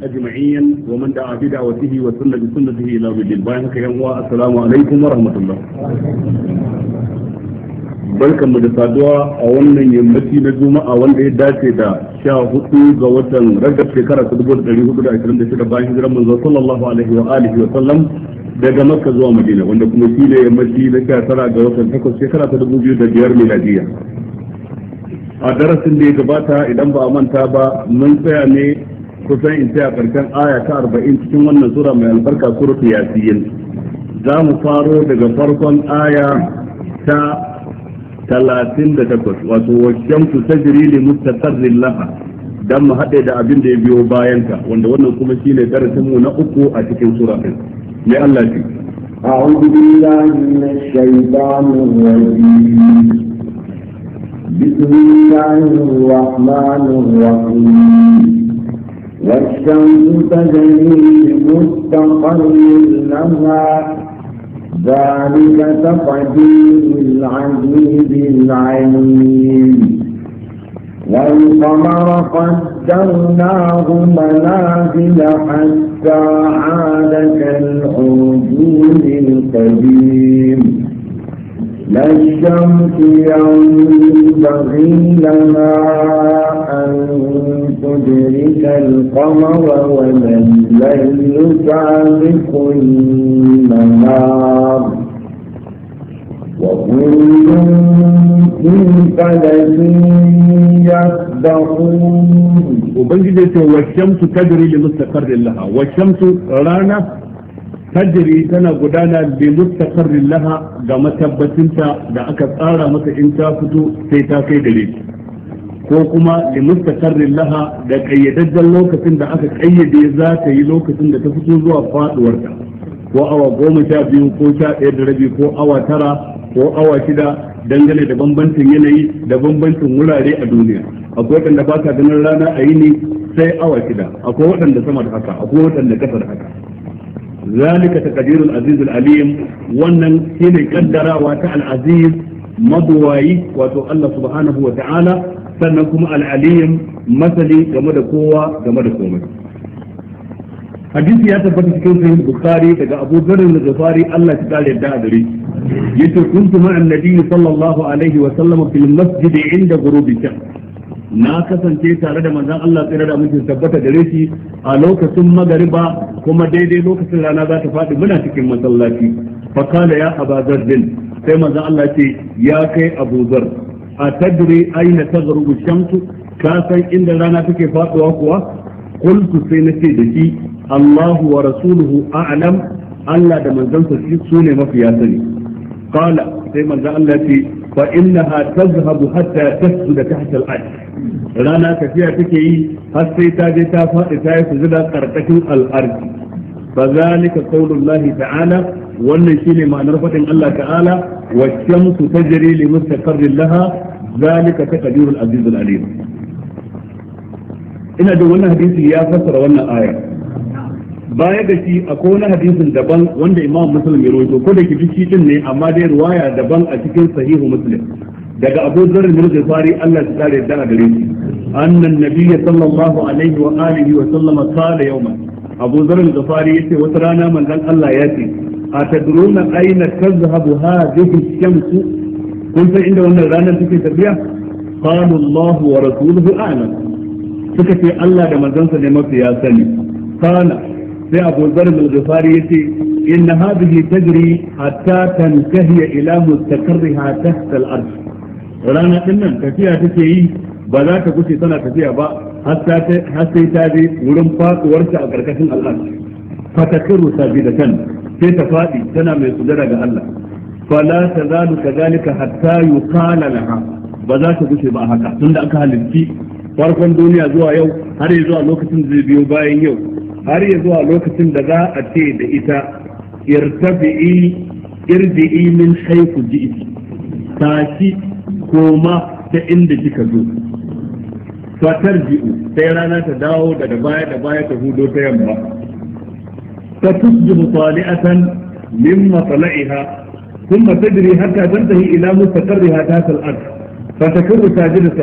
wa أجمعين ومن دعا بدعوته وسنة بسنته إلى يوم الدين بارك السلام عليكم ورحمة الله barkan mu da saduwa a wannan yammaci na juma'a wanda ya dace da sha hudu ga watan ragab shekara ta dubu dari hudu da ashirin da shida bayan hijirar manzo sallallahu alaihi wa alihi wa sallam daga makka zuwa madina wanda kuma shi ne yammaci na sha tara ga watan takwas shekara ta dubu biyu da biyar miladiya a darasin da ya gabata idan ba a manta ba mun tsaya ne kusan in ce a ƙarshen aya ta arba'in cikin wannan sura mai albarka suratu yasiyin za mu faro daga farkon aya ta talatin da takwas wato wajen su tajiri ne mustaqarrin laha dan mu haɗe da abin da ya biyo bayanta wanda wannan kuma shine darasin mu na uku a cikin sura ɗin mai Allah ce أعوذ بالله من الشيطان الرجيم بسم الله الرحمن الرحيم والشمس تجري مستقر لها ذلك تقدير العزيز العليم والقمر قدرناه منازل حتى عاد كالعرجون القديم لا الشمس ينبغي لها أن تدرك القمر ولا الليل سابق النهار وكل في فلك يسبحون وبنجد والشمس تجري لمستقر لها والشمس رانا tajiri tana gudana bi mustaqarrin laha ga matabbacinta da aka tsara masa in ta fito sai ta kai gare ko kuma li mustaqarrin laha da kayyadajjen lokacin da aka kayyade za ta yi lokacin da ta fito zuwa faduwarta ko awa goma sha biyu ko sha ɗaya da rabi ko awa tara ko awa shida dangane da bambancin yanayi da bambancin wurare a duniya akwai waɗanda ba sa ganin rana a yini sai awa shida akwai waɗanda sama da haka akwai waɗanda ƙasa da haka zalika taqdirul aziz al alim wannan shine kaddarawa ta al aziz wato Allah subhanahu wa ta'ala sannan kuma al masani masali game da kowa game da komai hadisi ya tabbata cikin sahih bukhari daga abu dharr al-ghifari Allah ya kare da gare yace kuntu ma'an nabiyyi sallallahu alaihi wa sallam fil masjid inda ghurubi shams na kasance tare da manzon Allah tsira da mutum tabbata gare shi a lokacin magariba kuma daidai lokacin rana za ta faɗi muna cikin masallaci fa kana ya abazar din sai manzon Allah ce ya kai abuzar a tadri aina tazrubu shamsu ka san inda rana take faɗuwa kuwa qultu sai nace da shi Allahu wa rasuluhu a'lam Allah da manzansa su ne mafiya sani qala sai manzon Allah ce فإنها تذهب حتى تسجد تحت الأرض رانا تفيا تكي حتى تاجي تافا إتاي سجد قرتك الأرض فذلك قول الله تعالى وأن شيء ما نرفع الله تعالى والشمس تجري لمستقر لها ذلك تقدير العزيز العليم إن da wannan يا فسر ولا آية baya da shi akwai wani hadisin daban wanda imam muslim ya rawaito ko da ke duk shi ne amma dai riwaya daban a cikin sahihu muslim daga abu zarar bin ghifari Allah ya kare da gare shi annan nabiyyi sallallahu alaihi wa alihi wa sallama qala yawma abu zarar ghifari yace wata rana manzon Allah ya ce A atadruna aina tazhabu hadhihi shamsu kun san inda wannan ranar take tafiya qala Allah wa rasuluhu a'lam suka ce Allah da sa ne mafi ya sani Kana. sai abu zar al-ghifari yace inna hadhihi tajri hatta tantahi ila mustaqarriha tahta al-ard rana din nan tafiya take yi ba za ta gushe tana tafiya ba har sai ta je wurin faduwarta a karkashin al-ard fatakiru sabidatan sai ta fadi tana mai sujada ga Allah fala tazalu kadhalika hatta yuqala laha ba za ta gushe ba haka tunda aka halitti farkon duniya zuwa yau har zuwa lokacin da zai biyo bayan yau har ya zuwa lokacin da za a ce da ita irtabi'i irji'i min haiku ji'i tashi koma ta inda kika zo fatar ji'u sai rana ta dawo daga baya da baya ta hudo ta yamma ta tusbihu tali'atan min matla'iha ثم تجري حتى تنتهي إلى مستقرها تحت الأرض فتكون ساجدة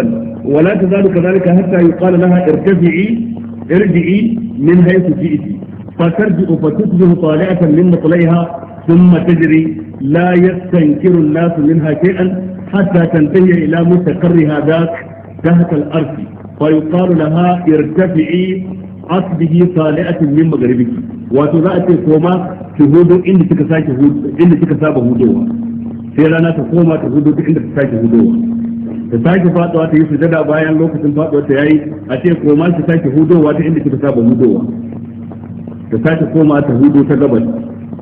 ولا تزال كذلك حتى يقال لها ارتفعي ارجعي من حيث جئت فترجع فتصبح طالعة من مطلعها ثم تجري لا يستنكر الناس منها شيئا حتى تنتهي إلى مستقرها ذاك تحت الأرض فيقال لها ارتفعي أصبه طالعة من مغربك وتذأت كوما تهودو إن تكسا تهودو إن تكسا بهودوها sai rana ta koma ta hudu duk inda ta sake hudowa ta sake faduwa ta yi sujada bayan lokacin faduwa ta yayi a ce koma ta sake hudowa ta inda kika saba hudowa ta sake koma ta hudo ta gabas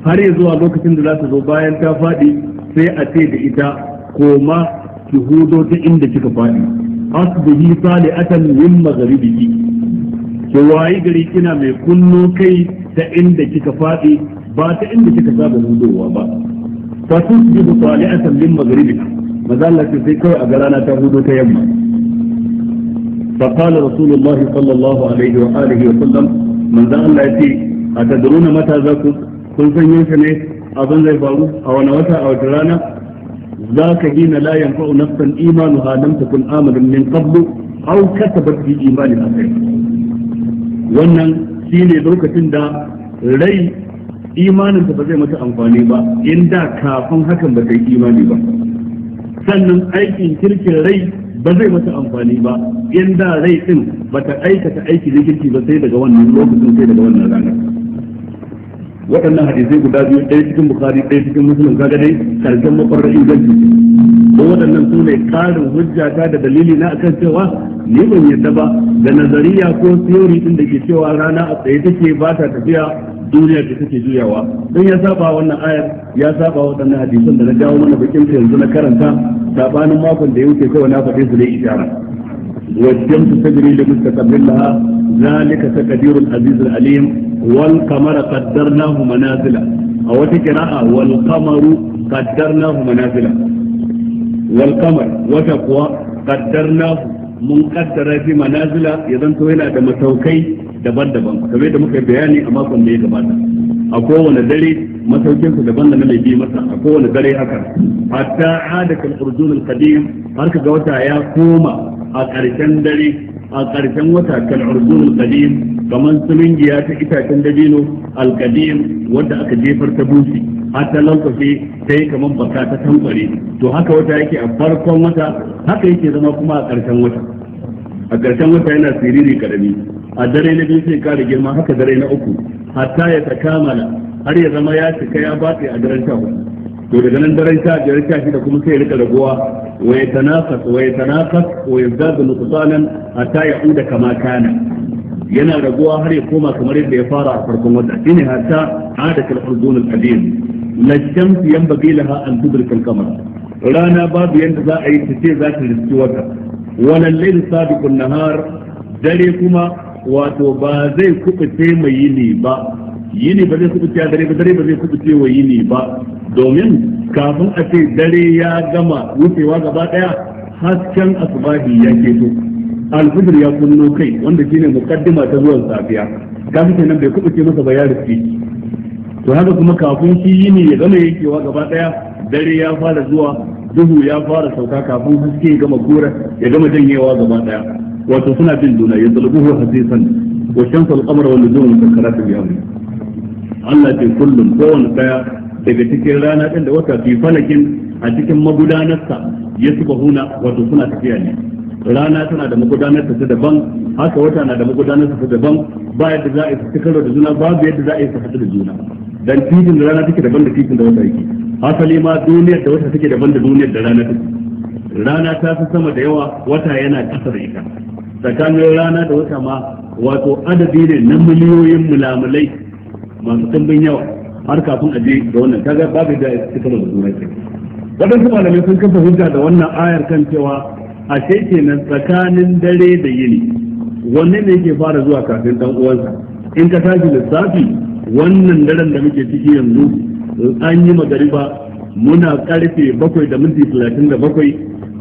har ya zuwa lokacin da za ta zo bayan ta faɗi, sai a ce da ita koma ki hudo ta inda kika fadi asbihi salihatan min maghribiki ki wayi gari kina mai kunno kai ta inda kika faɗi ba ta inda kika saba hudowa ba fa tusbihu salihatan min maghribiki maza Allah ce sai kawai a ga rana ta hudu ta yamma fa qala rasulullah sallallahu alaihi wa alihi wa sallam Allah ya ce atadruna mata za ku kun san yanka ne abin zai faru a wani wata a wata rana za ka gina la yanfa'u nafsan imanuha lam takun amadan min qablu aw katabat fi imaniha khayr wannan shine lokacin da rai imanin ba zai mata amfani ba In da kafin hakan ba ta yi imani ba sannan aikin kirkin rai ba zai mata amfani ba in da rai din ba ta aikata aiki na kirki ba sai daga wannan lokacin sai daga wannan ranar waɗannan hadisai guda biyu ɗaya cikin bukari ɗaya cikin musulun kaga dai karshen mafarrai inganci ko waɗannan su ne ƙarin hujja ta da dalili na akan cewa ni ban yadda ba da nazariya ko theory din da ke cewa rana a tsaye take ba ta tafiya duniyar da take juyawa don ya saba wannan ayar ya saba waɗannan hadisan da na jawo mana bakin da yanzu na karanta sabanin makon da ya wuce kawai na faɗe su ne ishara والشمس تجري لمستقر لها ذلك تقدير العزيز a والقمر قدرناه منازل أو تقراءة والقمر قدرناه منازل والقمر وتقوى قدرناه mun kaddara fi manazila ya zanto yana da masaukai daban-daban kamar da muka yi bayani a makon da ya gabata a kowane dare masaukin su daban da na bi masa a kowane dare haka hatta hada kan urjunul qadim har kaga wata ya koma a ƙarshen dare a ƙarshen wata kan urjunul qadim kamar sulingiya ta itacen dabino alqadim wanda aka jefar ta busi hatta lankwashe ta yi kamar baka ta tankware to haka wata yake a farkon wata haka yake zama kuma a ƙarshen wata a ƙarshen wata yana siriri ƙarami. a dare na biyu sai kara girma haka dare na uku hatta ya takamala har ya zama ya cika ya batse a daren sha hudu to daga nan daren sha biyar sha shida kuma sai ya rika raguwa wa ya tanafas wa ya tanafas wa ya zazu nuqsanan hatta ya uda kama kana yana raguwa har ya koma kamar yadda ya fara a farkon wata shine hatta ada kal hurdun al qadim la shamsu yanbaghi laha an tudrika al rana babu yadda za a yi ta ce za ta riski wata wannan layl sabiqun nahar dare kuma wato ba zai kubuce mai yini ba yini ba zai kubuce a dare ba dare ba zai kubuce wa yini ba domin kafin a ce dare ya gama wucewa gaba daya hasken asbahi ya keto alfijir ya kunno kai wanda shine mukaddima ta zuwan safiya kafin kenan bai kubuce masa ba ya rufe to haka kuma kafin shi yini ya gama yakewa gaba daya dare ya fara zuwa duhu ya fara sauka kafin haske ya gama kura ya gama janyewa gaba daya wato suna bin juna ya zalbuhu hasisan wa shamsul qamar qamara wal nujumu musakkaratun bi amri Allah ce kullum wani daya daga cikin rana din da wata fi falakin a cikin magudanarsa ya huna wato suna tafiya ne rana tana da magudanarsa ta daban haka wata na da magudanarsa ta daban ba yadda za a yi su da juna ba yadda za a yi su da juna dan titin da rana take daban da titin da wata yake hasali ma duniyar da wata take daban da duniyar da rana take rana ta fi sama da yawa wata yana kasa da ita tsakanin rana da wata ma wato adadi ne na miliyoyin mulamulai masu tambin yawa har kafin a je da wannan kaga babu da suka da turai ke wadansu malamai sun kafa hujja da wannan ayar kan cewa a ce kenan tsakanin dare da yini wanne ne yake fara zuwa kafin dan uwansa in ka tashi lissafi wannan daren da muke ciki yanzu an yi magariba muna karfe bakwai da minti talatin da bakwai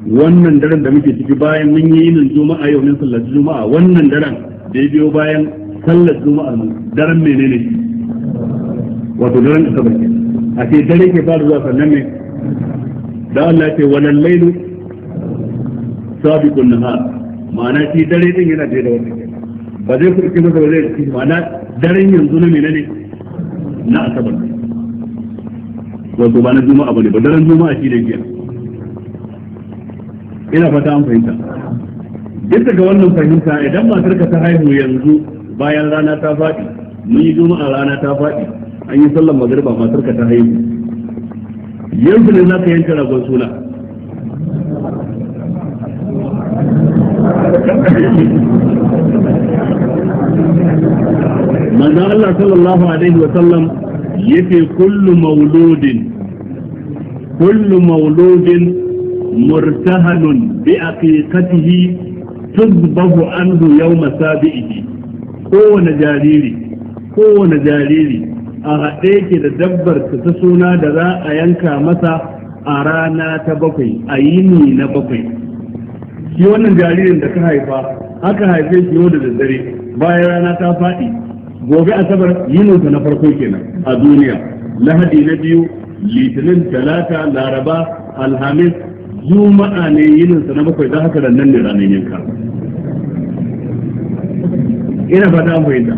wannan daren da muke ciki bayan mun yi yinin juma'a yau ne sallar juma'a wannan daren da ya biyo bayan sallar juma'a daren menene shi wato daren asabar ke a ce dare ke fara zuwa sannan ne da Allah ya ce wannan lailu sabiqun nahar ma'ana shi dare din yana da wata ba zai kurki masa ba zai kurki ma'ana daren yanzu na menene na asabar wato ba na juma'a bane ba daren juma'a shi ne kenan ina fata an fahimta duk daga wannan fahimta idan matar ka ta haihu yanzu bayan rana ta faɗi mun yi juma'a rana ta faɗi an yi sallan magriba matar ka ta haihu yanzu ne za ka yanka ragon suna manzo Allah sallallahu alaihi wa sallam yake kullu mauludin kullu mauludin murtahanun bi aqiqatihi tuzbahu anhu yawma sabihi kowane jariri kowane jariri a haɗe yake da dabbar ta suna da za a yanka masa a rana ta bakwai a ni na bakwai shi wannan jaririn da ka haifa aka haife shi yau da daddare bayan rana ta faɗi gobe asabar yininsa na farko kenan a duniya lahadi na biyu litinin talata laraba alhamis juma'a ne yininsa na bakwai don haka nan ne ranar yanka ina ba ta fahimta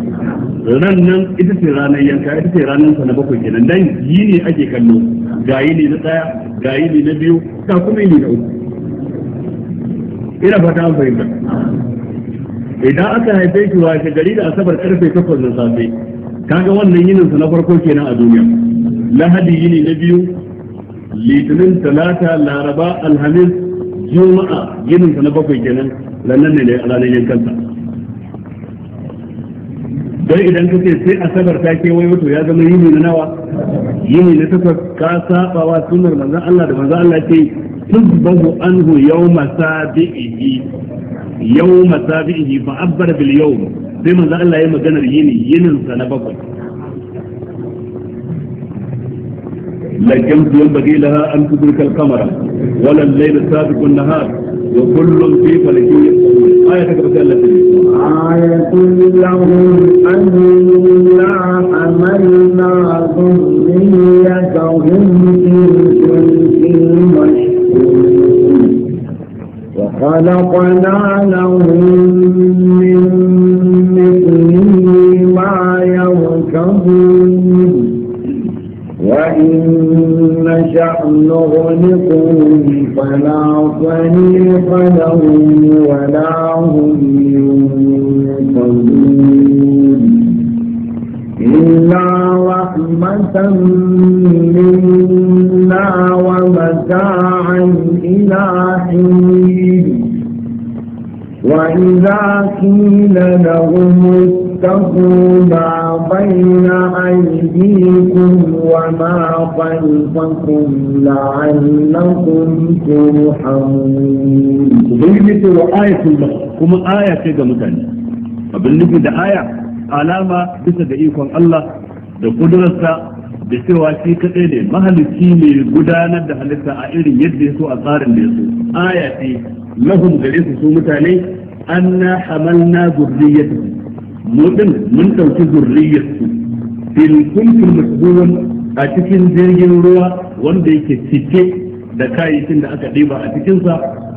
ran nan ita ce ranar yanka ita ce ranar sa na bakwai kenan dan ne ake kallo ga yi ne na daya ga yi ne na biyu ga kuma yi ne na uku ina ba ta fahimta idan aka haife shi ta gari da asabar karfe takwas na safe kaga wannan yininsa na farko kenan a duniya lahadi yini na biyu litinin talata laraba alhamis juma'a ginin sa na bakwai kenan lannan ne a ranar yankansa don idan ka ce sai asabar ta ke wai wato ya zama yini na nawa yini na takwas ka sabawa sunar manzon Allah da manzon Allah ke ce tuzbahu anhu yawma sabihi yawma sabihi fa abbar bil yau sai manzon Allah ya maganar yini yinin sa na bakwai للشمس ينبغي لها أن تدرك القمر ولا الليل سابق النهار وكل في فلك يسبحون آية كتبت آية لهم أنا حملنا ذريتهم في الفلك وخلقنا لهم من مثله ما يركبون وإن نشأ فلا صريخ لهم ولا هم ينقذون إلا رحمة منا ومتاعا إلى حين وإذا قيل لهم واتقوا ما بين أيديكم وما خلفكم لعلكم ترحمون وبنجد وآية المخ كما آية كده متعني وبنجد ده آية علامة بسد إيكم الله da kudurarsa da cewa shi kaɗai ne mahalicci ne gudanar da halitta a irin yadda ya so a tsarin da ya so aya ce lahum gare su su mutane anna hamalna zurriyatuhum mu din mun dauki zurriyarsu, fil kuntum masbun a cikin jirgin ruwa wanda yake cike da kayayyakin da aka ɗeba a cikinsa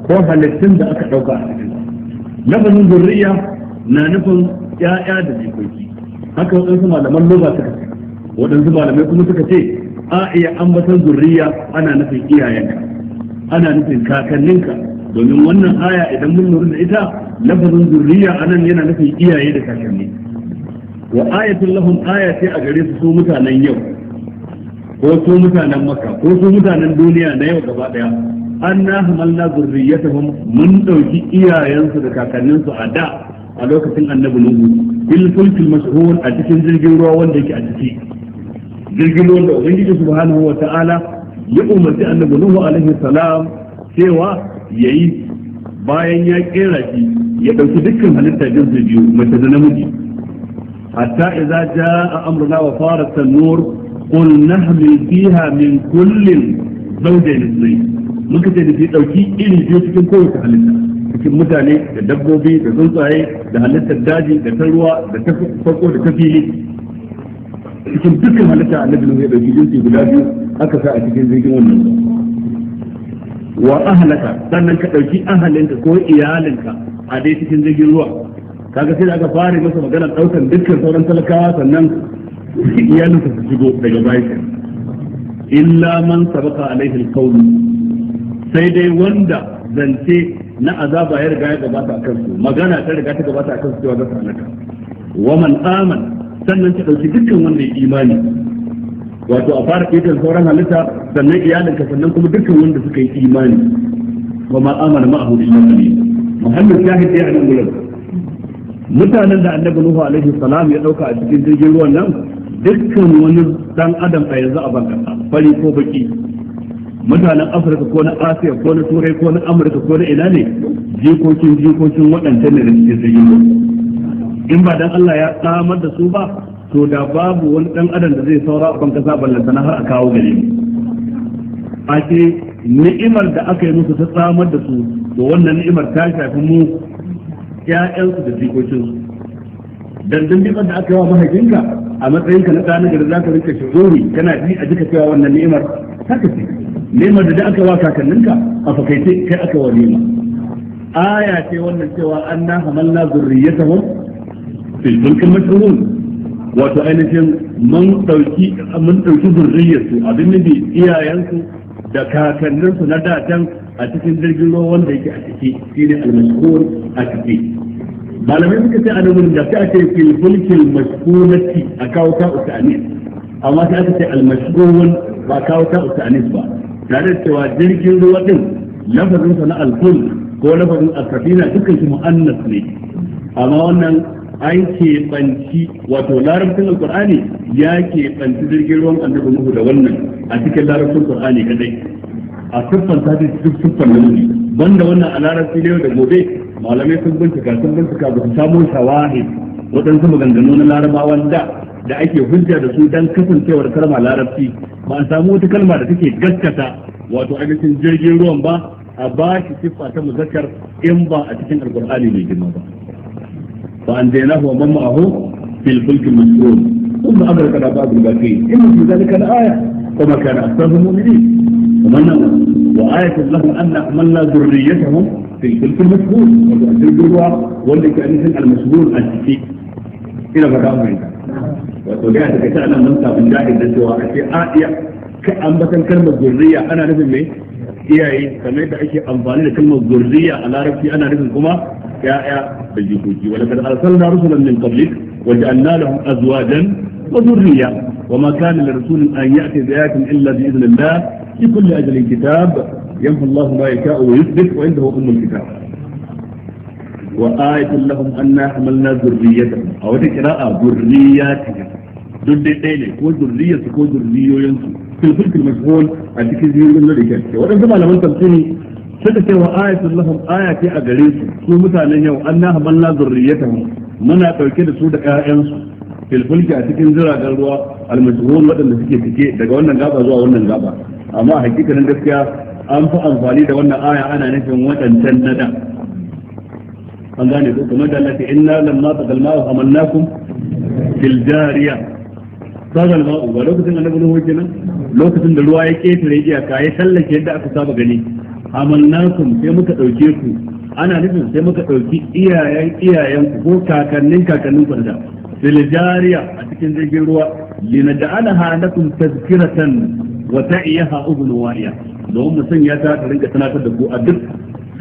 ko halittun da aka ɗauka a cikinsa lafazin zurriya na nufin ‘ya'ya da jikoki haka waɗansu malaman loba suka ce waɗansu malamai kuma suka ce a iya ambatan zurriya ana nufin iyayenka ana nufin kakanninka domin wannan aya idan mun lura da ita lafazin zurriya anan yana nufin iyaye da kakanni wa ayatul lahum aya ce a gare su su mutanen yau ko su mutanen makka ko su mutanen duniya na yau gaba daya anna hamalna zurriyatahum mun dauki iyayensu da kakanninsu a da a lokacin annabi nuhu fil fulkil mashhur a cikin jirgin ruwa wanda yake a ciki jirgin ruwan da ubangiji subhanahu wa ta'ala ya umarci annabi nuhu alaihi salam cewa yayi bayan ya kera shi ya dauki dukkan halitta jinsi biyu mace da namiji hatta idza jaa amruna wa farat an-nur qul nahmil fiha min kullin zawjayn ithnayn muka ce da shi dauki iri biyu cikin kowace halitta cikin mutane da dabbobi da tsuntsaye da halittar daji da ta ruwa da ta farko da ta fili cikin dukkan halitta annabi ne ya ɗauki jinsi guda biyu aka sa a cikin jirgin wannan wa ahlaka sannan ka dauki ahalinka ko iyalinka a dai cikin jirgin ruwa kaga sai da aka fara masa magana daukan dukkan sauran talakawa sannan iyalinsa su shigo daga bayan illa man sabaka alaihi alqawl sai dai wanda zance na azaba ya riga ya gabata a kansu magana ta riga ta gabata a kansu cewa za su halaka wa man aman sannan ka dauki dukkan wanda ya imani wato a fara ƙetar sauran halitta sannan iyalinka sannan kuma dukkan wanda suka yi imani wa ma amana ma'ahu illa qalil muhammad shahid ya nan gurin mutanen da annabi nuhu alaihi salam ya dauka a cikin jirgin ruwan nan dukkan wani dan adam a yanzu a banka fari ko baki mutanen afirka ko na asiya ko na turai ko na amurka ko na ina ne jikokin jikokin waɗancan ne da suke jirgin ruwan in ba dan Allah ya samar da su ba to da babu wani dan adam da zai saura a kan kasa ballantana har a kawo gare ni ake ni'imar da aka yi musu ta tsamar da su to wannan ni'imar ta shafi mu ƴaƴansu da jikokinsu dan dan da aka yi wa mahaifinka a matsayin ka na ɗan gari za ka rika shigori kana ji a jika cewa wannan ni'imar Ta kace ni'imar da aka wa kakanninka a fakaice kai aka wa ni'ima aya ce wannan cewa an na hamalna zurriyatahum fil fulkil mashrun wato ainihin mun dauki mun dauki su abin nufi iyayensu da su na datan a cikin jirgin ruwa wanda yake a ciki shine al mashkur a ciki malamai suka ce anan da sai ake fil fulkil mashkurati a kawo ta usani amma sai aka ce al-mashhurun ba kawo ta usani ba tare da cewa jirgin ruwa din lafazin sa na al kul ko lafazin al-safina dukkan shi mu'annas ne amma wannan an keɓanci wato larabcin alkur'ani ya keɓanci jirgin ruwan annabi nuhu da wannan a cikin larabcin alkur'ani kadai a siffar ta duk siffan da nuhu banda wannan a larabci yau da gobe malamai sun bincika sun bincika ba su samu shawahi waɗansu maganganu na larabawan da da ake hujja da su dan kasancewar kalma larabci ba a samu wata kalma da take gaskata wato ainihin jirgin ruwan ba a ba shi siffa ta muzakkar in ba a cikin alkur'ani mai girma ba فأنجيناه ومن في الفلك المشهور ثم أدرك العباد الباقين إن في ذلك الآية وما كان أكثر مؤمنين ومن وآية لهم أن حملنا ذريتهم في الفلك المشهور وتؤثر جوع واللي كان المشهور الشيء إلى مكان عندك wato da ta من جاهد mun في آية da كلمة ذرية أنا a إيه iyaye kamar yadda ake amfani da kalmar zurriya a larabci ana nufin kuma ya'ya da jikoki wala kad arsalna rusulan min qablik wa ja'alna lahum azwajan wa dhurriyya wa ma kana lir lirrasulin an ya'ti bi illa bi idhnillah fi kulli ajalin kitab yamhu Allahu ma yasha'u wa yuthbit wa indahu ummul kitab wa ayatun lahum anna hamalna dhurriyyatahum aw wata qira'a dhurriyyatahum duk dai ne ko dhurriyyatu ko dhurriyoyinsu fil fikr mashhul a cikin jirgin da ke ce waɗansu malaman tafsiri suka ce wa ayatul lahum aya ce a gare su su mutanen yau anna hamalna zurriyatahum muna ɗauke da su da ƴaƴansu fil fulki a cikin jiragen ruwa almajhul waɗanda suke cike daga wannan gaba zuwa wannan gaba amma hakikanin gaskiya an fi amfani da wannan aya ana nufin waɗancan nada an gane ko kuma da Allah inna lamma taqalma hamalnakum fil jariya sagal ma'u ba lokacin annabi nuhu kenan lokacin da ruwa ya ketare ka yi tallake yadda aka saba gani amalnakum sai muka dauke ku ana nufin sai muka dauki iyayen iyayen ku ko kakannin kakannin ku da fil jariya a cikin jirgin ruwa Lina da linada'alaha lakum tazkiratan wa ta'iyaha ubnu wa'iya don mu sanya ta ta rinka sanatar da ku a duk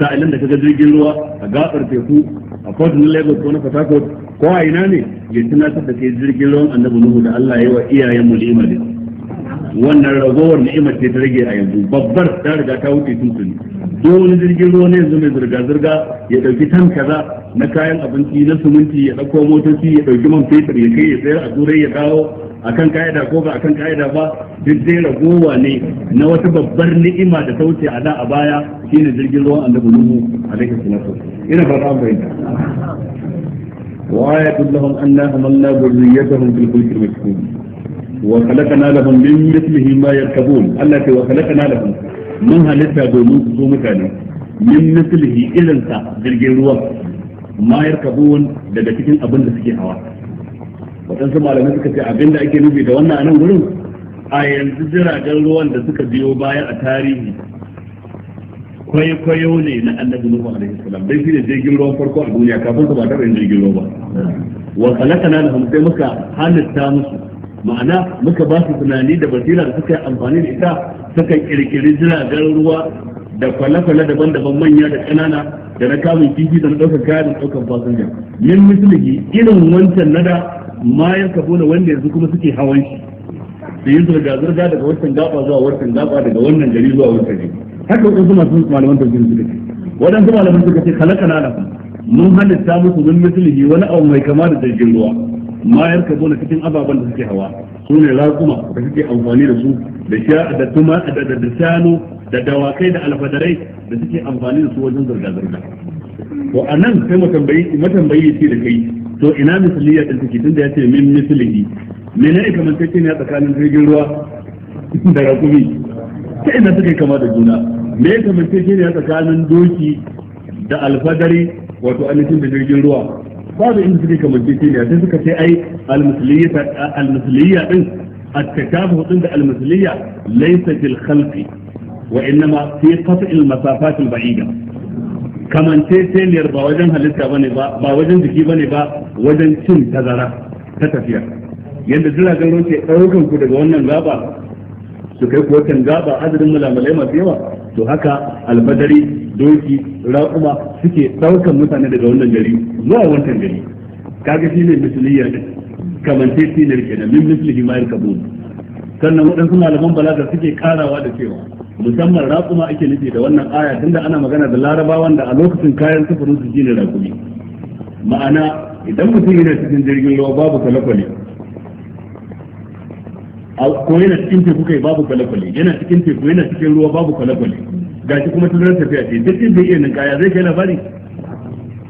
sa'ilin da kaga jirgin ruwa a gabar teku a port na Lagos ko na Port ko a ina ne ya tunatar da kai jirgin ruwan annabi nuhu da Allah ya wa iyayen mu ne wannan ragowar ni'ima ce ta rage a yanzu babbar ta riga ta wuce tun tuni duk wani jirgin ruwa ne yanzu mai zirga zirga ya dauki tan kaza na kayan abinci na suminti ya dauko motoci ya dauki man fetur ya kai ya sayar a turai ya dawo akan ka'ida ko ba akan ka'ida ba duk dai ragowa ne na wata babbar ni'ima da ta wuce a da a baya shine jirgin ruwan annabi nuhu alaihi salatu ina fata an bayyana وآية لهم أنا حملنا ذريتهم في الفلك المشحون وخلقنا لهم من مثله ما يركبون التي وخلقنا لهم من هلتها دومون سو من مثله إذن سا jirgin ruwa ma yarkabun daga cikin abin da suke hawa waɗansu malamai suka ce abin da ake nufi da wannan a nan gurin a yanzu jiragen ruwan da suka biyo baya a tarihi kwaikwayo ne na annabi nuhu alaihi salam dai shi ne jirgin ruwan farko a duniya kafin su ba taɓa yin jirgin ruwa ba wa khalaqana lahum sai muka halitta musu ma'ana muka ba su tunani da basira da suka yi amfani da ita suka kirkiri jiragen ruwa da kwale-kwale daban-daban manya da ƙanana da na kamun kifi da na ɗaukar kaya da ɗaukar fasinja min mislihi irin wancan nada ma ya kabo wanda yanzu kuma suke hawan shi da yin zirga-zirga daga wancan gaba zuwa wancan gaba daga wannan gari zuwa wancan gari haka wasu masu malaman tafsir suka dake waɗansu malaman suka ce halaka na lafa mun halitta musu min mislihi wani abu mai kama da jirgin ruwa ma ka bona cikin ababen da suke hawa su ne raƙuma da suke amfani da su da sha da tuma da da shanu da dawakai da alfadarai da suke amfani da su wajen zirga zirga to a nan sai matambayi matambayi ce da kai to ina misliya din take tunda ya ce min mislihi me menene kamar take ne a tsakanin jirgin ruwa da raƙumi ta ina suke kama da juna me ya kamace shi ne tsakanin doki da alfadari wato ainihin da jirgin ruwa Ba babu inda suke kamace shi ne sai suka ce ai almusuliyya din a التشابه عند المثلية ليس في الخلق وإنما في قطع المسافات البعيدة kaman teteliyar ba wajen halitta ba ne ba ba wajen jiki ba ne ba wajen cin tazara ta tafiya yadda jiragen ruwa ke ɗaukan ku daga wannan gaba su kai kuwa kan gaba adadin mulamalai masu yawa to haka albadari doki ra'uma suke ɗaukan mutane daga wannan gari zuwa wancan gari kaga shine misliya din kamance tinar kenan min mislihi ma yarkabun sannan waɗansu malaman balaga suke karawa da cewa musamman raƙuma ake nufi da wannan aya tunda ana magana da larabawan da a lokacin kayan sufurin su shine raƙumi ma'ana idan mutum yana cikin jirgin ruwa babu kwale ko yana cikin teku kai babu kwale-kwale yana cikin teku yana cikin ruwa babu kwale-kwale shi kuma tunanin tafiya ce duk inda iya nan kaya zai kai labari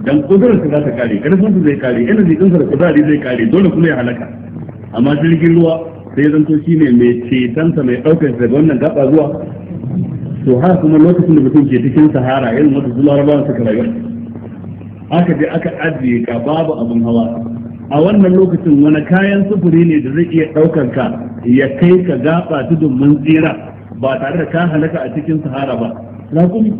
dan kudurar su za ta kare karfin su zai kare yana din sa da kuzari zai kare dole kuma ya halaka amma jirgin ruwa sai zanto ne mai cetonsa mai daukar sa daga wannan gaba zuwa to har kuma lokacin da mutum ke cikin sahara irin wata zuwa rabawa suka rayu Haka dai aka ajiye ka babu abin hawa a wannan lokacin wani kayan sufuri ne da zai iya ɗaukar ka ya kai ka gaba tudun mun tsira ba tare da ka halaka a cikin sahara ba raƙumi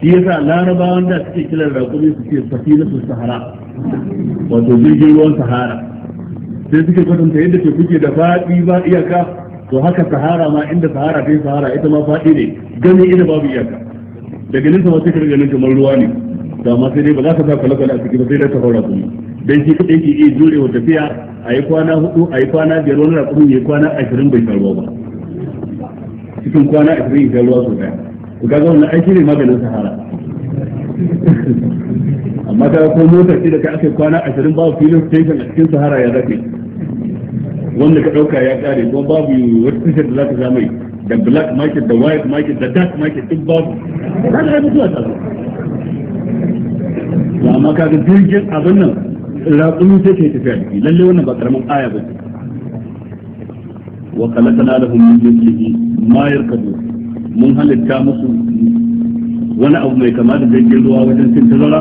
shi yasa larabawan da suke kiran raƙumi su ce safina su sahara wato jirgin ruwan sahara sai suke kwatanta yadda ke kuke da faɗi ba iyaka to haka sahara ma inda sahara ta sahara ita ma faɗi ne gani ina babu iyaka daga nesa ma sai ka ganin kamar ruwa ne da amma sai dai ba za ka sa kwale-kwale a cikin ba sai dai ta haura kuma dan shi kadai ke iya wa tafiya a yi kwana hudu a yi kwana biyar wani rakumin ya yi kwana ashirin bai karuwa ba cikin kwana ashirin ya karuwa ruwa sau daya ku ga wannan aiki ne maganin sahara amma ta ko motar ce da ka aka kwana ashirin babu filin station a cikin sahara ya zafi wanda ka ɗauka ya kare kuma babu wata tushen da za ka sha mai da black market da white market da dark market duk babu ka ba amma kaga jirgin abin nan raƙumi sai ke tafiya da lalle wannan ba karamin aya ba ce wa na da min jirgin mayar yarkabun mun halitta musu wani abu mai kama da jirgin ruwa wajen cin tazara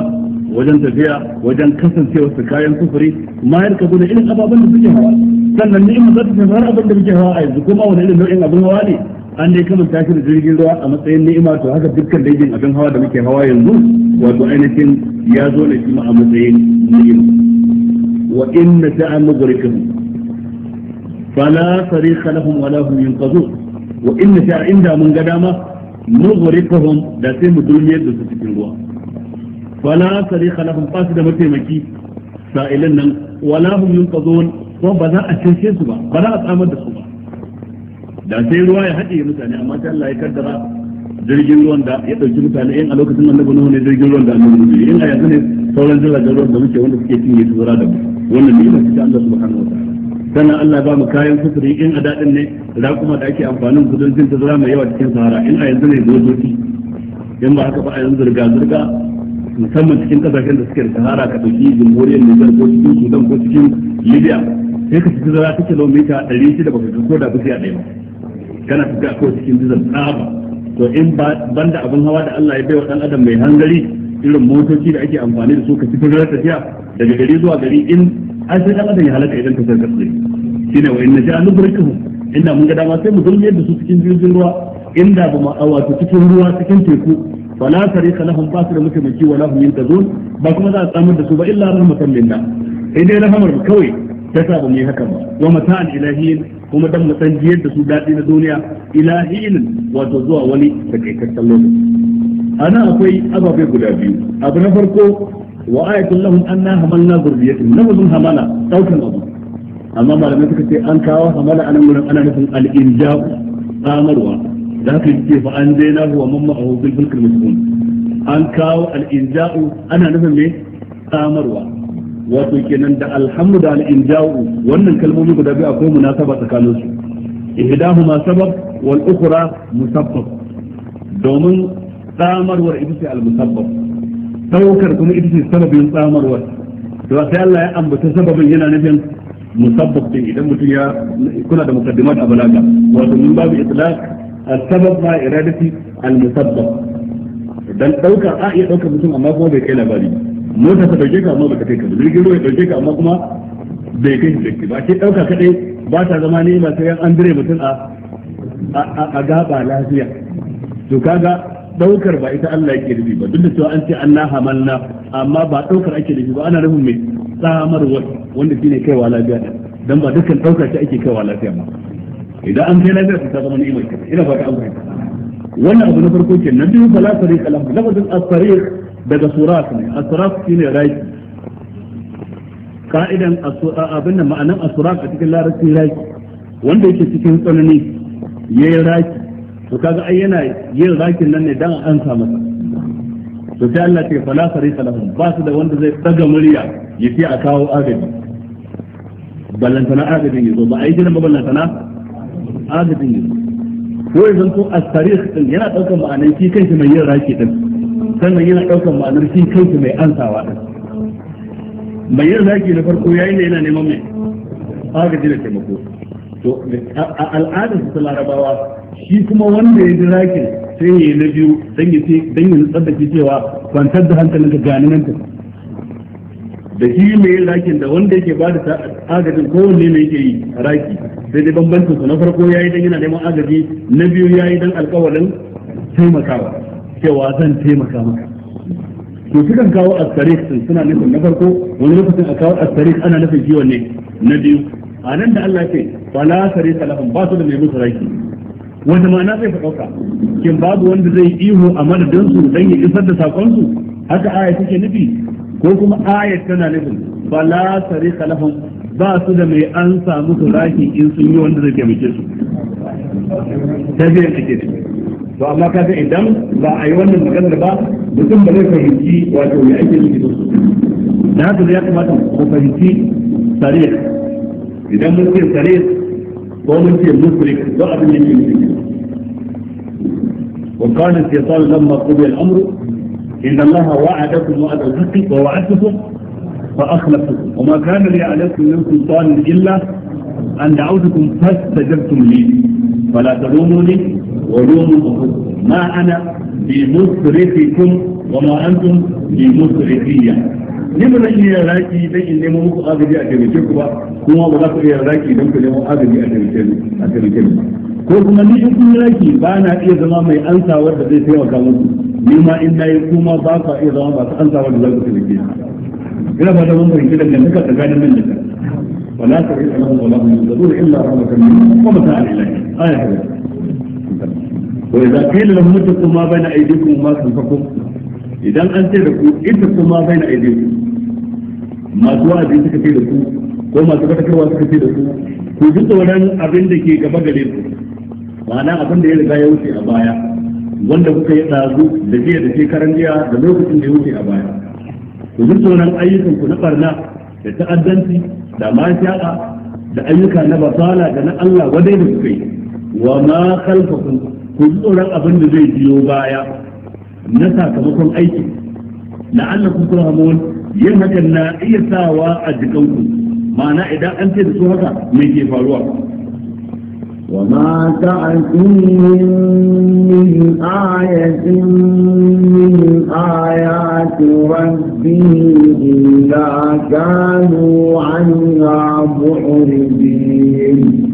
wajen tafiya wajen kasancewa su kayan sufuri mayar ya rika irin ababen da suke hawa sannan ne mun ta har abin da muke hawa a yanzu kuma wani irin nau'in abin hawa ne an dai kamar tashi da jirgin ruwa a matsayin ni'ima to haka dukkan dangin abin hawa da muke hawa yanzu wato ainihin ya zo ne kuma a matsayin ni'ima wa inna ta'an mughrikahum fala sarikha lahum wala hum yunqazun wa inna ta'a inda mun ga dama mughrikahum da sai mu dulmiyar da su cikin ruwa fala sarikha lahum fasu da mataimaki sa'ilan nan wala hum yunqazun ko ba za a cece su ba ba za a tsamar da su ba da sai ruwa ya haɗe mutane amma ta Allah ya kaddara jirgin ruwan da ya dauki mutane in a lokacin annabi nuhu ne jirgin ruwan da annabi nuhu in a yanzu ne sauran jiragen ruwan da muke wanda suke cinye su da mu wannan ne yana cikin Allah subhanahu wataala sannan Allah ba mu kayan sufuri in a dadin ne raƙuma da ake amfanin su don jin tazara mai yawa cikin sahara in a yanzu ne zojoji in ba haka ba a yanzu zirga zirga musamman cikin kasashen da suke da sahara ka dauki jamhuriyar Nijar ko cikin Sudan ko cikin Libya sai ka ci zara ta kilomita 600 baka ko da bisa ɗaya ba kana tafiya ko cikin dizal tsaba to in banda abin hawa da Allah ya bai wa dan adam mai hangari irin motoci da ake amfani da su ka cikin rarra tafiya daga gari zuwa gari in an sai dan adam ya halaka idan ka sarka su shine wa inna ja'a nubrikuhu inda mun ga dama sai mu zulmiyar da su cikin jirgin ruwa inda ba ma wato cikin ruwa cikin teku wala tariqa lahum ba su da mataimaki wala hum yantazun ba kuma za a tsamar da su ba illa rahmatan minna sai dai rahamar kawai ta sa ba mu yi hakan ba wa mata'an ilahiyin kuma dan mu san jiyar da su dadi na duniya ila hin wato zuwa wani takaitaccen lokaci ana akwai ababe guda biyu abu na farko wa ayatul lahum anna hamalna zurriyatin nafsun hamala daukan abu amma malamai suka ce an kawo hamala anan gurin ana nufin al-inja'u samarwa da haka yake fa an daina huwa mamma a bil fulkil masbun an kawo al-inja'u ana nufin me samarwa wato kenan da alhamdu da al wannan kalmomi guda biyu akwai munasaba tsakanin su ihdahuma sabab wal ukhra musabbab domin tsamarwar ita ce al-musabbab daukar kuma ita ce sababin tsamarwar to sai Allah ya ambata sababin yana nufin musabbab din idan mutum ya kula da muqaddimat a balaga wato min babu itlaq al-sabab ma iradati al-musabbab dan daukar a iya daukar mutum amma kuma bai kai labari ba mota ta dauke ka amma baka kai ka ba jirgin ruwa ya dauke ka amma kuma bai kai jirgi ba ke dauka kadai ba ta zama ne ba sai an dire mutum a a gaba lafiya to kaga daukar ba ita Allah yake nufi ba duk da cewa an ce Allah hamalna amma ba daukar ake nufi ba ana nufin mai tsamarwa wanda shine kaiwa lafiya dan ba dukkan daukar ta ake kaiwa lafiya ba idan an kai lafiya ta zama ni'imar ka ina ba ta an fahimta wannan abu na farko kenan biyu bala sariq lafazin as-sariq daga surat ne asraf shine raki ka'idan abin da ma'anan asraf a cikin larabci raki wanda yake cikin tsanani yayi raki to kaga ai yana yin rakin nan ne dan an sa masa to sai Allah ce fala sarika lahum ba su da wanda zai daga murya ya ce a kawo agaji ballantana agajin yazo ba ai jiran ba ballantana agajin yazo ko yanzu to as-sarikh din yana daukar ma'anan shi kanshi mai yin raki din sannan yana ɗaukar ma'anar shi kansu mai ansawa ɗin mai yin zaki na farko yayin da yana neman mai agaji da taimako to a al'adar su ta larabawa shi kuma wanda ya ji zakin sai ya yi na biyu don yi ce nutsar da cewa kwantar da hankalin ka gani nan ta da shi mai yin rakin da wanda yake ba da agajin kowanne ne yake yi raki sai dai bambancin su na farko yayi dan yana neman agaji na biyu yayi dan alkawalin taimakawa cewa zan taimaka maka to sukan kawo astarik sun suna nufin na farko wani lokacin a kawo astarik ana nufin kiwon ne na biyu a nan da Allah ke wala sare salafin ba su da mai musu raki wanda ma'ana zai ɗauka kin babu wanda zai ihu a madadin su dan ya isar da sakon su haka aya take nufi ko kuma aya tana nufin wala sare salafin ba su da mai an samu su raki in sun yi wanda zai taimake su ta biyan ake to amma ka ga idan ba a yi wannan maganar ba mutum ba zai fahimci wato ya ake likita da haka ya kamata ku fahimci sare idan mun ce sare ko mun ce musrik don abin da yake nufi وقال الشيطان لما قضي الامر ان الله وعدكم وعد الحق ووعدتكم فاخلفتكم وما كان لي عليكم من سلطان الا ان دعوتكم فاستجبتم لي فلا تلوموني ولوموا أنفسكم ما أنا بمصرفكم وما أنتم بمصرفية ni ba zan iya raki dan in nemo muku agaji a taimake ku ba kuma ba za a ko kuma ni in kun raki ba na iya zama mai ansawar da zai taimaka muku ni ma in yi kuma ba ka iya zama masu ansawar da za ku taimake ina fata mun fahimci da kan duka tsakanin nan da kan wala ta yi alamu wala mun zuru illa rahmatan min wa mata'al ilahi aya wasallam wa idza qila lahum mutu ma baina aydikum ma khalfakum idan an ce da ku ita kuma baina aydikum masu wa'azi suka ce da ku ko masu fatakarwa suka ce da ku ku ji tsoron abin da ke gaba gare ku ma'ana abin da ya riga ya wuce a baya wanda kuka yi ɗazu da jiya da shekaran jiya da lokacin da ya wuce a baya ku ji tsoron ayyukan ku na barna da ta'addanci da masha'a da ayyuka na basala da na Allah wadai da kuka yi wa ma khalfakum ku ji tsoron abin da zai biyo baya na sakamakon aiki la'allakum turhamun yin hakan na iya sawa a jikanku mana idan an ce da su haka me ke faruwa وما تأتيهم من آية من آيات ربه إلا كانوا عنها معرضين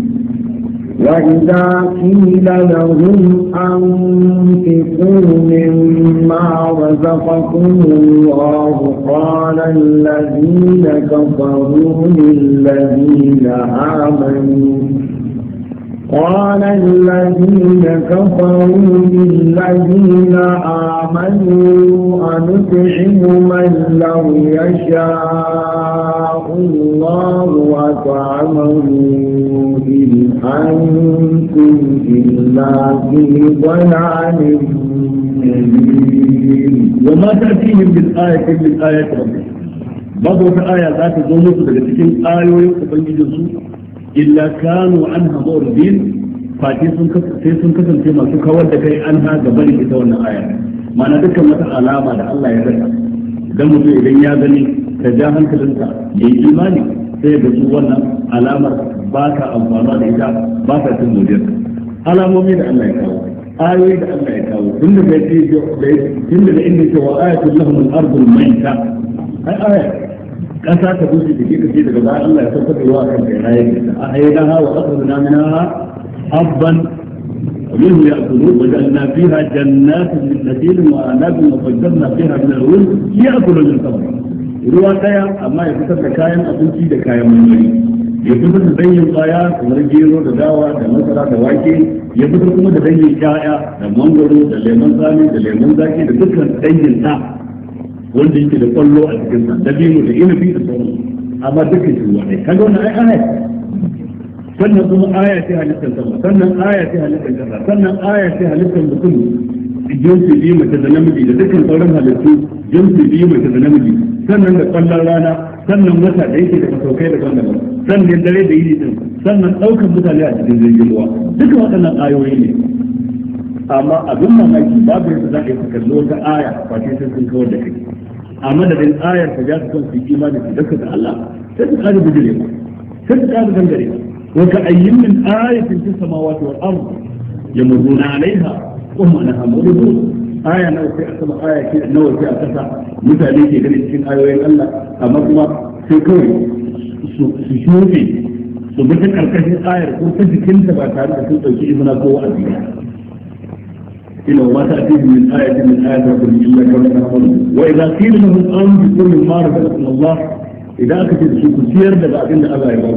وإذا قيل لهم أنفقوا مما رزقكم الله قال الذين كفروا للذين آمنوا قال الذين كفروا للذين آمنوا أنطعم من لو يشاء الله أطعمه إن أنتم إلا في ضلال وما تأتيهم من آية من آيات ربهم بعض الآية لا تظن تلتكن آية ويقبل إلا كانوا عنها مؤردين فاتيسون كتن كتن كما شكا ودك أي أنها قبل كتون آية ما ندك متى علامة الله يدك دمت إلي يا بني ka ja hankalinka ya yi imani sai ga su wannan alamar ba ka amfana da ita ba ka cin godiyar alamomi da Allah ya kawo ayoyi da Allah ya kawo tun da kai tun da inda ke wa ayatul lahum al-ardul mayta ai aya kasa ta bushe da kika ce daga bayan Allah ya tabbata wa kan kai rayi a ayyadaha wa akhrajna minha habban ومنه يأكلون وجعلنا فيها جنات من نخيل وأعناب وفجرنا فيها من الورد يأكل من الثمرات ruwa daya amma ya fitar da kayan abinci da kayan marmari ya fitar da dangin tsaya kamar gero da dawa da masara da wake ya fitar kuma da dangin kaya da mangoro da lemon tsami da lemon zaki da dukkan dangin ta wanda yake da kwallo a cikin sa da bimu da inabi da sauran amma dukkan shi ruwa ɗaya kaga wannan ai aya sannan kuma aya ce halittar sama sannan aya ce halittar kasa sannan aya ce halittar mutum jinsi biyu mace da namiji da dukkan sauran halittu jinsi biyu mace da namiji sannan da kwallon rana sannan wata da yake da masaukai da daban sannan dare da yini din sannan ɗaukar mutane a cikin jirgin ruwa duka waɗannan ayoyi ne amma abin mamaki babu yadda za a yi kalli wata aya ba sai sun kawar da kai a madadin ayar ta ja su kan su imani su da Allah sai su ƙara bijire ba sai su ƙara dangare ba wa ka ayyin min ayatin fis samawati wal ardh yamurruna alaiha kuma na hamuru aya nawa sai a sama aya ke nawa sai a kasa mutane ke ganin cikin ayoyin Allah amma kuma sai kawai su shufe su bi ta karkashin ayar ko ta jikinta ba tare da sun ɗauki izina ko wa'azi إلى ما تأتيهم من آية من آيات ربهم إلا كما تقولون وإذا قيل لهم أنفقوا مما رزقكم الله إذا أكتب شكو سير لبعدين أبا يبقى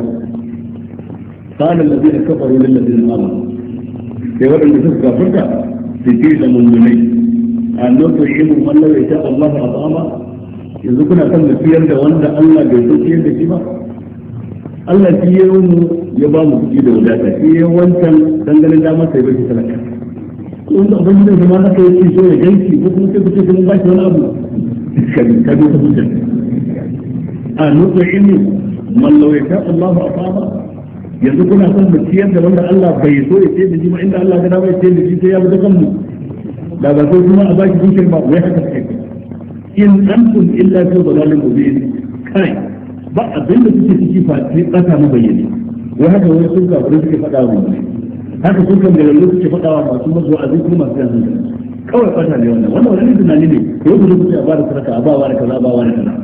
قال الذين كفروا للذين آمنوا يقول أن تسكى فرقة fiti da mummunai a lokacin ilmu wallah ya sha Allah a ta'ama yanzu kuna kan mu ciyar da wanda Allah bai so ciyar da shi ba Allah shi ya mu ya ba mu kuɗi da wadata shi ya wancan dangane da masa ya bashi talaka wanda abin da kuma haka yake so ya ganki ko kuma sai kuce kuma ba shi wani abu kan ka ga hujja a lokacin ilmu wallah ya sha Allah a ta'ama yanzu kuna son mu ciyar da wanda Allah bai so ya ce da shi ma inda Allah gada ya ce da shi sai ya bi ta kanmu da ba sai kuma a baki dukiyar ba wai haka kai in antum illa fi dhalalin mubin kai ba abin da suke ciki fa sai kasa mu bayyane wai haka wai sun kafare suke faɗa mu haka sun kan galallo suke faɗa wa masu mazo a zikiri masu yanzu kawai fata ne wannan wannan wani tunani ne ko ku zuci a ba da sadaka a ba wa da kaza a ba wa da kaza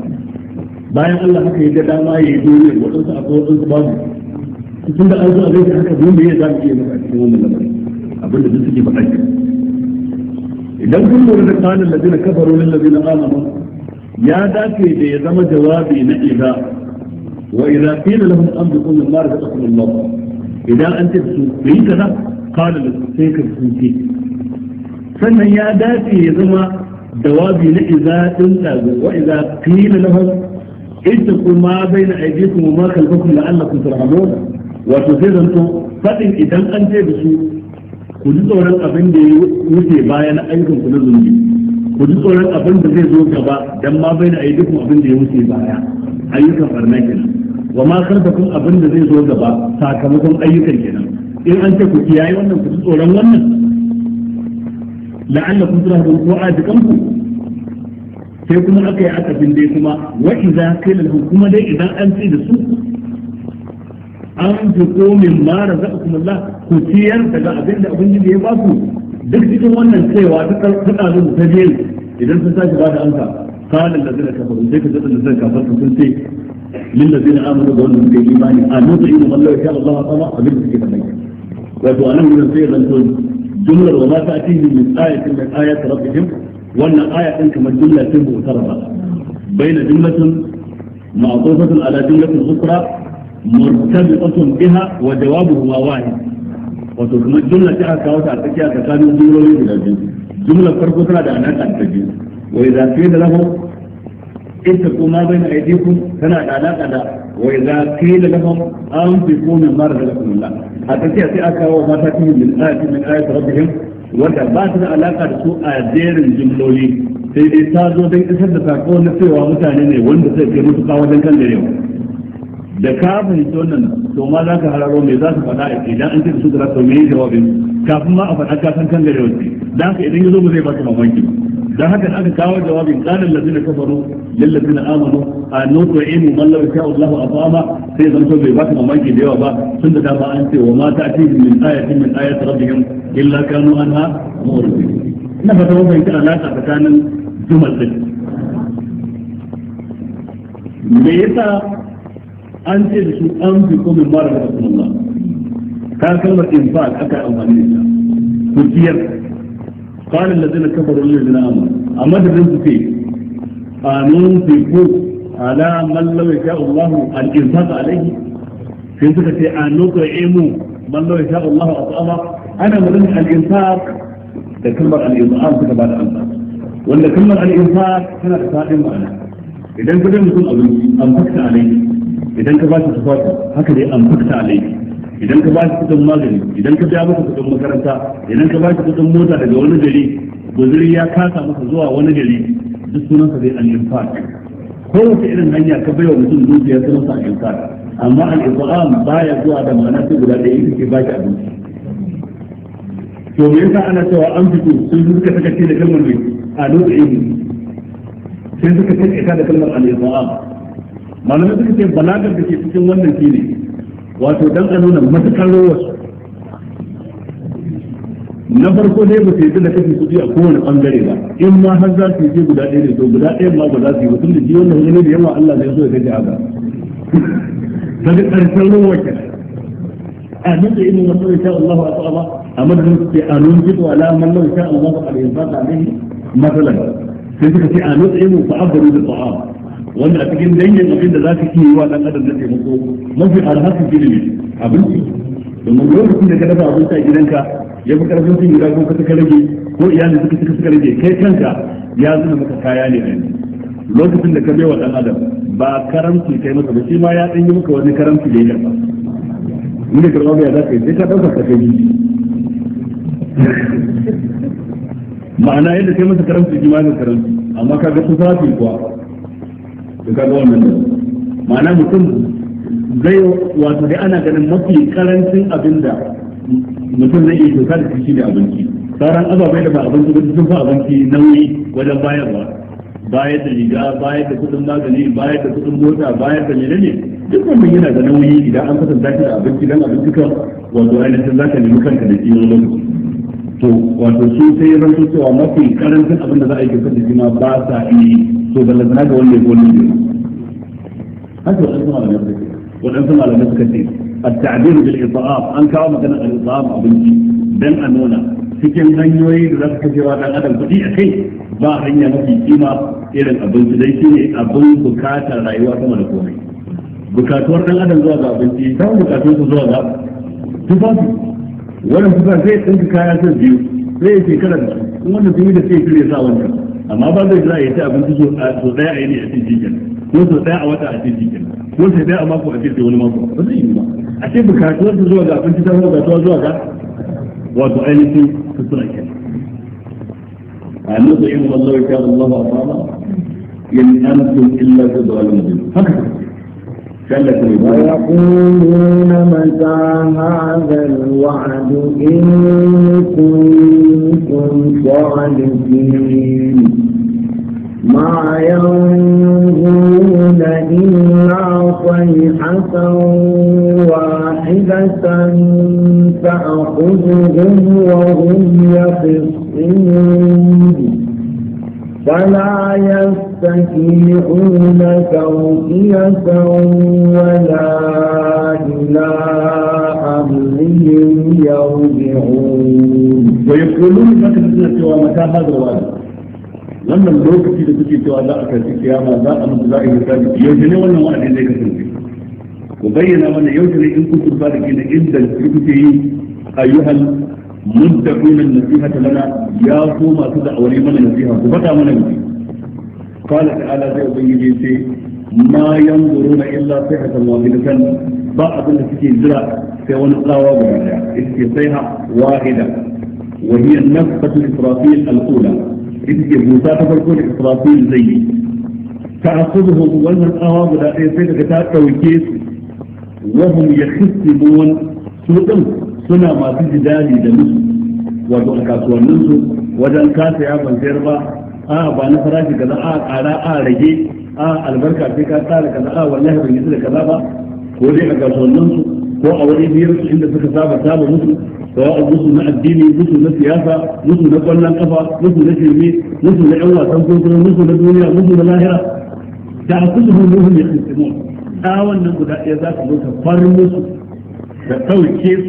bayan Allah haka ya ga dama ya yi dole wadansu a wadansu babu tun da an zo a gaisa haka biyu me ya za mu iya maka a cikin wannan lamarin abin da duk suke faɗa ke idan kun lura da kanin lazina kafaru lil lazina amanu ya dace da ya zama jawabi na idza wa idza qila lahum anfiqu mimma razaqakum Allah idan an ce su yi kaza kana da sai ka sunce sannan ya dace ya zama jawabi na idza din tazo wa idza qila lahum ittaqu ma bayna aydikum wa ma khalfakum la'allakum turhamun wato sai zanto faɗin idan an je da su ku ji tsoron abin da ya wuce baya na ayyukan ku na zunubi ku ji tsoron abin da zai zo gaba dan ma bai na ayyukan abin da ya wuce baya ayyukan barna kenan wa ma karfafin abin da zai zo gaba sakamakon ayyukan kenan in an ce ku kiyaye wannan ku ji tsoron wannan la'allakum turhamun ko a dukanku sai kuma aka yi akabin dai kuma wa idza qila lahum kuma dai idan an ce da su أنفقوا مما رزقكم الله كثيرا تجا أبين لأبين جميع باكو دك جيتم وانا نسي واتك القطع ذو مسجل إذا نفسها جبال أنفا قال الذين كفروا ديك جد الذين كفروا كنتي للذين آمنوا بأن نمكي إيماني آنوط آه، إيمان الله إن شاء الله طبع أبين بسكي تمي ويقول أنا من نسي غنسون جملة وما تأتيه من آية من آيات ربهم وانا آية كما جملة تنبو تربا بين جملة معطوفة على جملة أخرى murtabitatun biha wa jawabuhu wahid wato kuma jumla ta aka kawo ta a tsakiya tsakanin jumloli guda biyu jumla farko tana da alaka da biyu wa idza qila lahum ittaqu ma bayna aydikum tana da alaka da wa idza qila lahum anfiqu mimma razaqakum Allah a tsakiya sai aka kawo mata cikin min ayati min ayati rabbihim wanda ba ta da alaka da su a jerin jumloli sai dai ta zo don isar da sako na cewa mutane ne wanda sai kai mutuka wajen kan da yau da ka fahimci wannan to ma za ka hararo me za ka faɗa idan an ce da su da rasa me jawabin kafin ma a faɗa ka san kan gare wasu dan haka idan ya zo ba zai baka mamaki dan haka aka kawo jawabin qalan ladina kafaru lil ladina amanu a noto nut'imu man law sha'a Allah fama sai zan so bai baka mamaki da yawa ba tun da dama an ce wa ma ta'tihim min ayatin min ayati rabbihim illa kanu anha mu'ridin ina fata mun fahimci alaƙa tsakanin jumal din me yasa an ce da su an fi ko min mara da Allah ka kalmar infaq aka amfani da ta ku ciyar qala allazina kafaru lil ladina amanu amma da zan ce anun fi ku ala man law yasha Allah al infaq alayhi sai suka ce anun ku imu man law yasha Allah atama ana mun al infaq da kalmar al infaq suka ba da amsa wanda kalmar al infaq tana da fadin ma'ana idan kudin mutum abinci an fakta alayhi idan ka ba shi tufafi haka dai an fakta laifi idan ka ba shi kudin magani idan ka biya masa kudin makaranta idan ka ba shi kudin mota daga wani gari guzuri ya kasa masa zuwa wani gari duk sunansa zai an infaq ko wace irin hanya ka baiwa mutum dukiya sunansa an infaq amma al ifam baya zuwa da ma'ana sai guda ɗaya yake ba shi abinci to me yasa ana cewa an fito sun suka saka ce da kalmar mai a lokacin sai suka saka da kalmar al ifam malamai suka ce balagar da ke cikin wannan shi ne wato dan a nuna matukar rowarsu na farko dai ba su yi da kafin kuɗi a kowane ɓangare ba in ma har za su yi guda ɗaya ne to guda ɗaya ma ba za su yi ba tunda ji wannan wani da yawa Allah zai so ya gaji haka ta ga ƙarshen rowa kenan a duka irin wasu ya sha Allah a tsaba a madadin su ce a nun jito ala man lau sha Allah a da yin fata alaihi matsalar sai suka ce a nun tsaye mu fa'abbaru da ta'am wanda a cikin dangin abin da za ka iya yi wa dan adam na taimako mafi alhakin shi ne abinci domin lokacin da ka dafa abinci a gidanka ya fi karfin sun gida ko ka suka rage ko iyali suka suka suka rage kai kanka ya zuna maka kaya ne ne lokacin da ka bai wa dan adam ba karamci kai masa ba shi ma ya ɗan yi maka wani karamci da ya karba ni da karɓa ya za ka yi sai ka dauka ka kai ma'ana yadda kai masa karamci da karamci amma ka ga tufafi kuwa to wannan da ma'ana mutum zai wato dai ana ganin mafi karancin abinda mutum zai iya shuka da shi da abinci sauran ababai da ba abinci ba sun fa abinci nauyi wajen bayarwa bayar da riga bayar da kudin magani bayar da kudin mota bayar da menene duk wannan yana da nauyi idan an kasanta shi da abinci dan abinci kan wato ainihin za ka nemi kanka da shi wani to wato su sai ya cewa mafi karancin abin da za a yi kyautar da shi ma ba sa iya تو هذا هو ون الذي بولی دی انت والعظمى لم يتكلم التعبير بالاطعام ان كان مثلا الاطعام او بن امونا في كم من يريد ذلك في هذا القدم فدي اخي ما هي مفي فيما الى الابن زي في ابن بكاتا لا يواتم لكومي بكاتا ورقا ادم زوغا بنتي تاو بكاتا زوغا تفاقي ولم تفاقي انت كاياتا زيو ليه في كلام وانا في ميدا في كل يساوان كلام amma ba zai za a yi ta abinci so daya a yi ne a cikin jikin ko so daya a wata a cikin jikin ko so daya a mako a cikin wani mako ba zai yi ba a cikin bukatuwar su zuwa ga abinci ta zuwa ga tuwa zuwa ga wato ainihin su suna ke a nutsa yin wallahi ta Allah ba ba an antum illa ta zuwa tadallun haka ويقولون متى هذا الوعد إن كنتم صادقين ما ينظرون إلا صيحة واحدة تأخذهم وهم يخصمون فلا يستطيعون توقية ولا إلى أهلهم يرجعون ويقولون لك سوى متى هذا الوالد wannan lokaci da suke cewa za a karfi kiyama za a mutu za a yi hisabi yaushe ne wannan wa'adi zai kasance ku bayyana mana yaushe ne in kuntum sadiqina inda kuke yi ayyuhal muddaquna nasihata lana ya ko masu da'awari mana nasiha ku faɗa mana ne qala ta'ala zai ubangiji ce ma yanzuruna illa sihatan wahidatan ba abin da suke jira sai wani tsawa guda daya ita ce saiha wahida وهي النفقة الإسرافية الأولى إذ موسى تفرقون إسرافيل زي تأخذهم وزن أواب لا يزيد كتاب وكيس وهم يخصمون سوء سنة ما في جدالي دمس وضع كاسواننسو وجن كاسي عبا سيربا آه بانا فراشي كذا آه آراء آه رجي آه البركة في كاسالة كذا آه والله بنجد كذا با ko a wani biyar su inda suka saba saba musu سواء مسلم الديني مسلم السياسة مسلم مع كل القفا مسلم مع الشرمي مسلم مع عوة تنفوك مسلم مع الدنيا مسلم مع الآخرة جعل كله منهم يخلصمون آوان نقول يا ذات الوقت فرمس تقوي كيف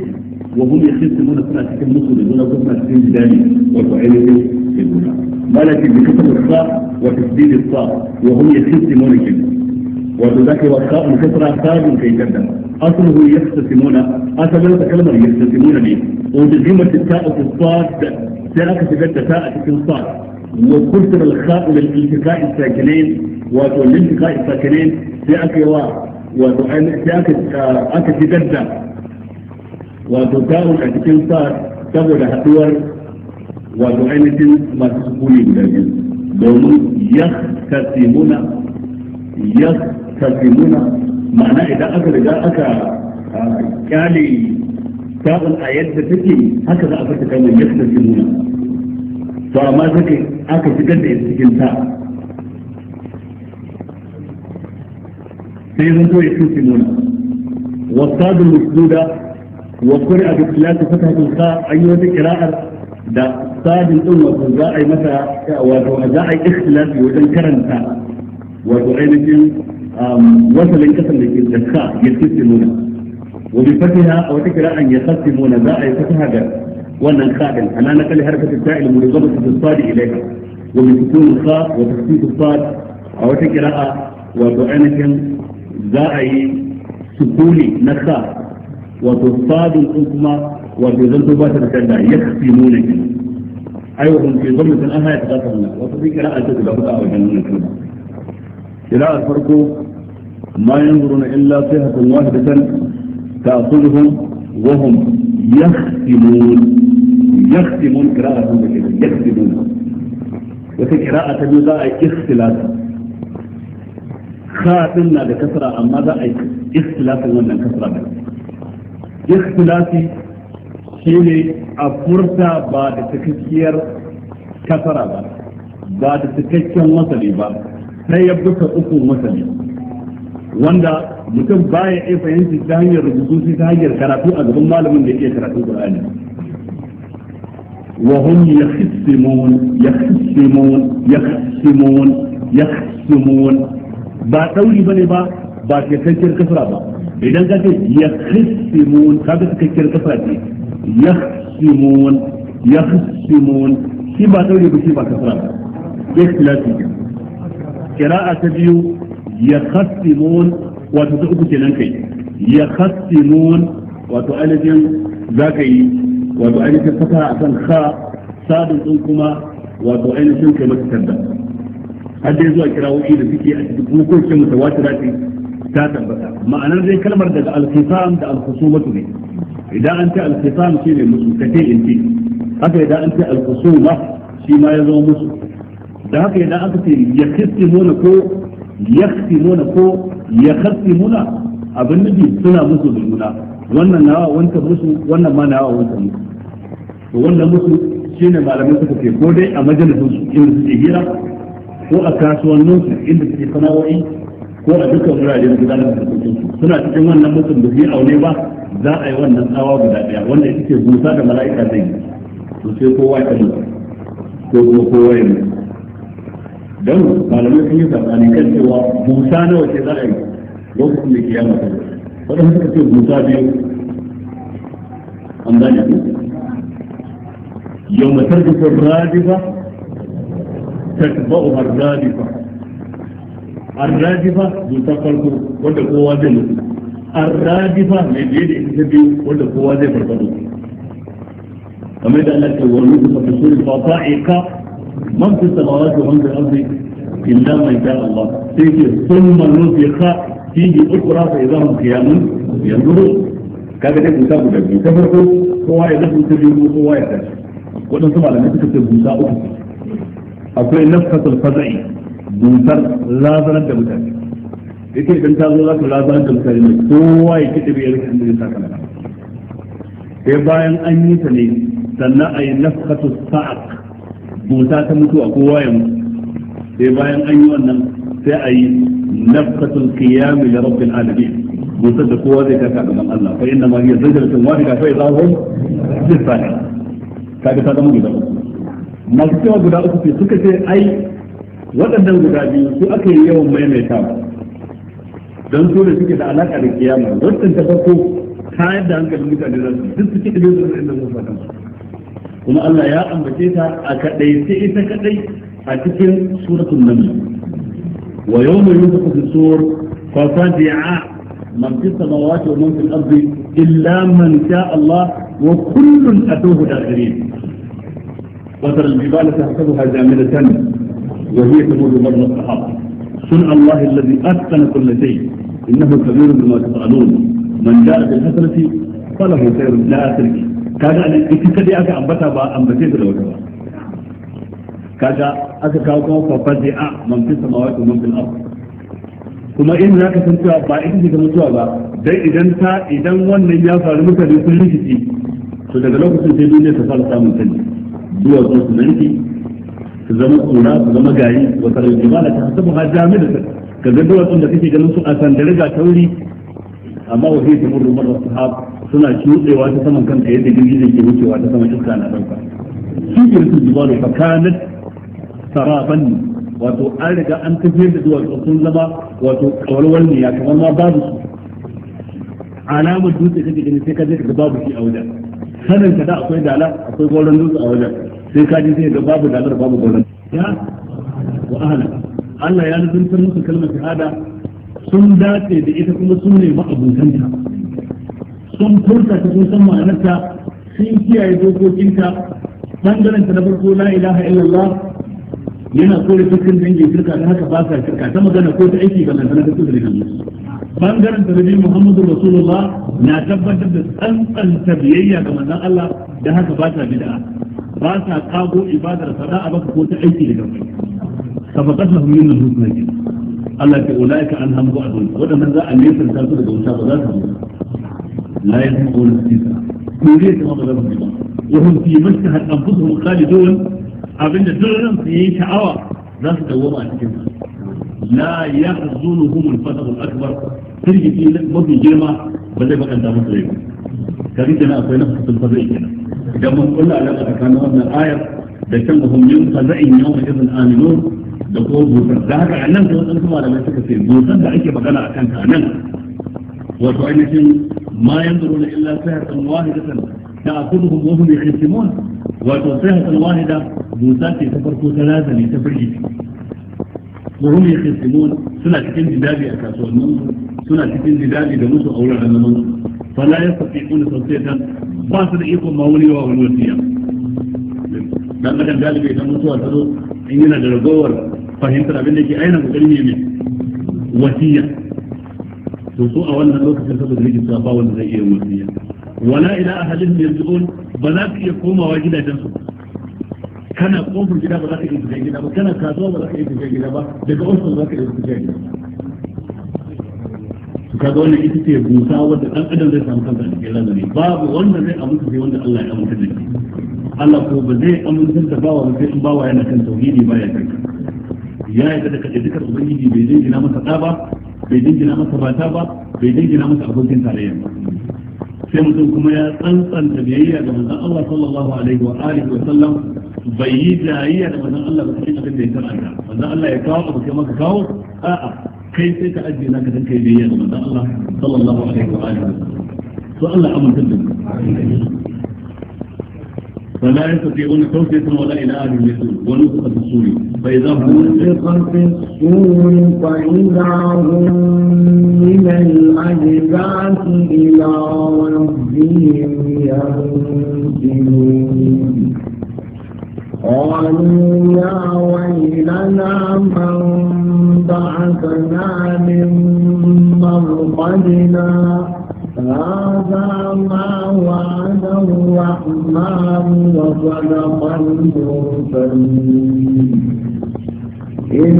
وهم يخلصمون في ناسك المسلم يقول لك ما تكون جداني وتعيني في الدنيا ولكن بكثم الصاق وتسديد الصاق وهم يخلصمون كيف وتذكر الخاء الكسرى خال كي تبدا اصله يختصمون اصل كلمه يختصمون لي وتزيمت التاء في الصاد سلكت بنت تاء في الصاد وكسر الخاء للالتقاء الساكنين وللالتقاء الساكنين سأكي و وأن سأكي آه، أكي تبدا وتتاء في الصاد تبدا هتور وتؤنس مسؤولين دومون يختصمون يختصمون kalbimuna ma'ana idan aka riga aka kyale sabon a yadda take haka za a fata kalmar yadda kalbimuna to amma take aka fitar da cikin ta sai zan to ya kalbimuna wasadu musduda wa qur'a bi tilati fatahatul kha ayyatu qira'at da sabin din wato za a yi mata wato za a yi ikhtilafi wajen karanta wato ainihin wasalin kasan da ke zakka ya tsitsi nuna wa bi fatiha a wata kira'an ya tsitsi nuna za a yi fatiha ga wannan ka'in ana na kalli harkar ta'il murzaba ta tsadi ilaiha wa bi sukun kha wa tasfif sad a wata kira'a wato ainihin za a yi sukuni na kha wato sadin kuma wato zanto ba ta da kanda ya tsitsi nuna kenan ayyukan ke zama sun an haya ta zaka nuna wato zai kira'a ta da hudu a wajen nuna kalma إلى الفرق ما ينظرون إلا صيحة واحدة تأخذهم وهم يختمون يختمون قراءة يختمون وفي قراءة تبدأ اختلاف خاتمنا لكسرة كسرة أما ذا اختلاف ومن كسرة اختلافي shine a بعد ba da بعد kasara مصري بعد ɗaya bisa uku masani wanda mutum baya iya fahimci ta hanyar rubutu sai ta hanyar karatu a gaban malamin da yake karatu Qur'ani wa hum yakhsimun yakhsimun yakhsimun yakhsimun ba dauri bane ba ba cikakkiyar kasra ba idan ka ce yakhsimun kaga cikakkiyar kasra ce yakhsimun yakhsimun shi ba dauri ba shi ba kasra ba ikhtilafi kira'a ta biyu ya khasimun wato ta uku kenan kai ya khasimun wato alifin ka yi wato alifin fata kan kha sadin din kuma wato ainihin kai mata tanda har dai zuwa kira'o'i da suke a cikin hukuncin mutawatirati ta tabbata ma'anar dai kalmar daga al da al-khusumatu ne idan an ce al shi ne musu kace in ce haka idan an ce al shi ma ya zama musu da haka idan aka ce ya Mona ko ya Mona ko ya Mona abin nufi suna musu da juna wannan nawa wancan musu wannan ma nawa wancan musu to wannan musu shine malamai suka ce ko dai a majalisun su inda suke hira ko a kasuwannin su inda suke sana'o'i ko a dukkan wuraren gudanar da hukuncin suna cikin wannan mutum da yi aure ba za a yi wannan tsawa guda daya wanda ita ce busa da mala'ika zai yi to sai kowa ya kalli ko kuma kowa ya mutu don malamai sun yi sabani kan cewa busa nawa ce za a yi lokacin da kiyama ta wadanda suka ce biyu an gane yau matar da farko wanda kowa zai mutu mai biye da ita biyu wanda kowa zai farfado kamar da Allah wani da من في السماوات ومن في الأرض إلا من شاء الله سيكي ثم نفخ فيه أخرى فإذا هم قيام ينظرون kaga dai busa guda biyu ta farko kowa ya zafi ta biyu kowa ya tashi waɗansu malamai suka ce busa uku akwai nafsatul faza'i busar razanar da mutane yake idan ta zo za ta razanar da mutane ne kowa ya kiɗa biyar kan da ya saka nan sai bayan an yi ta ne sannan a yi nafsatul sa'aq busa ta mutu a kowa ya mutu sai bayan an yi wannan sai a yi nafkatun qiyam li rabbil alibi bota da kowa zai kaka gaban Allah fa inda ma zai jirgin wani fa idza hum zai sani ta sadan guda uku masu cewa guda uku ce suka ce ai waɗannan guda biyu su aka yi yawan maimaita don su da suke da alaƙa da kiyama wancan ta farko kayan da hankalin mutane za su duk suke da yanzu da inda mun fata kuma Allah ya ambace ta a kadai sai ita kadai a cikin suratul naml wa yawma yunfakhu fi sur fa fadi'a man fi samawati wa man fil ardi illa man sha Allah wa kullun atuhu dakhirin wa tara al-jibala tahsabuha jamidatan wa hiya tamurru marra al sahab sun Allah alladhi atqana kull shay innahu kabirun bima ta'malun man ja'a bil hasanati falahu khayrun la athrihi kaga a ita kadai aka ambata ba ambace ta da wata ba kaga aka kawo kawo fafazi a ah, mamfin samawati mamfin abu kuma in za ka san cewa ba ita ce ta mutuwa ba dai idan ta idan wannan ya faru mutane sun rikici to daga lokacin sai duniya ta fara samun sani zuwa zuwa su narki su zama tsura su zama gari wa sarar jimala ta hasabu ha jami da ka ga duwatsun da kake ganin su a sandare ga tauri amma wa hiyar ta murru marar sahab suna cutsewa ta saman kanta yadda girgizar ke wucewa ta saman iska na dauka shi girkin jibalu fa kanat saraban wato an riga an tafiyar da zuwa sun zama wato kawalwal ne ya kamar ma babu su alamar dutse kake gani sai ka je ka babu shi a wajen sanin ka da akwai dala akwai goron dutse a wajen sai ka je sai ga babu dalar babu goron ya wa ahla Allah ya nufin musu kalmar shahada sun dace da ita kuma sun ne ma'abutanta sun furta ta sun san ma'anarta sun kiyaye dokokinta bangaren ta na farko la ilaha illallah yana kore dukkan dangin shirka ta haka ba sa shirka ta magana ko ta aiki ga lantana ta kudin da bangaren ta nabi muhammadu rasulullah na tabbatar da tsantsanta biyayya ga manzon Allah da haka ba sa bid'a ba sa kago ibadar sada'a baka ko ta aiki da gaske sabaqatuhum min al-husna Allah ta ulaika an hamu adun wadannan za a nesa ta su daga wuta ba za su لا يسمعون السيسا كلية ما بلغهم بما وهم في مشتهى أنفسهم خالدون أبن درن في شعوى ذات دوما أتكلم لا يحزنهم الفتح الأكبر ترجع في مبني جرمة بل يبقى أنت مصري كريتنا أقوي نفس الفضل كنا جمع كل علاقة كان وابن الآية da can hum yin faza'in yawma idin aminun da ko busar da haka annan da wasu kuma da mai suka ce busar da ake magana a kanta nan وهو أنهم ما ينظرون إلا سهة واحدة تأكلهم وهم يخسمون وهو واحدة موساكي تبركوا ثلاثة لتبريد وهم يخسمون سنة كتن دبابي أكاسو المنظر سنة كتن دبابي دمسو أولا عن المنظر فلا يستطيعون صوتيتا باسر إيقو مولي والوسيا لأن كان ذلك يتمسوا أسروا إننا جرقور فهمت ربنا أين مقرمي من وسيا to su a wannan lokacin saboda rikin sa ba wanda zai iya wasiya wala ila ahadin yarji'un ba za ka iya komawa gidajen su kana kofar gida ba za ka iya shiga gida ba kana kasuwa ba za ka iya shiga gida ba daga ofis za ka iya shiga gida to kaga wannan ita ce busa wanda dan adam zai samu kansa a cikin lazari babu wanda zai amince sai wanda Allah ya amince da shi Allah ko ba zai amince da bawa sai in bawa yana kan tauhidi ba ya kanka ya yarda da kaje dukkan ubangiji bai zai gina masa da ba bai dingina masa bata ba bai dingina masa abokin tarayya ba sai mutum kuma ya tsantsanta biyayya ga manzon Allah sallallahu alaihi wa alihi wa sallam bai yi jayayya da manzon Allah ba cikin abin da ya sarrafa manzon Allah ya kawo abu kai maka kawo a'a kai sai ka ajiye naka dan kai biyayya da manzon Allah sallallahu alaihi wa alihi wa sallam to Allah amintar da فلا يستطيعون توفية ولا إلى أهل يسود ونفق في الصور فإذا هم نفق في الصور فإذا هم من الأجداث إلى ربهم ينسلون قالوا يا ويلنا من بعثنا من مرقدنا وكفى ما وعد الرحمن وصدق المرسلين إن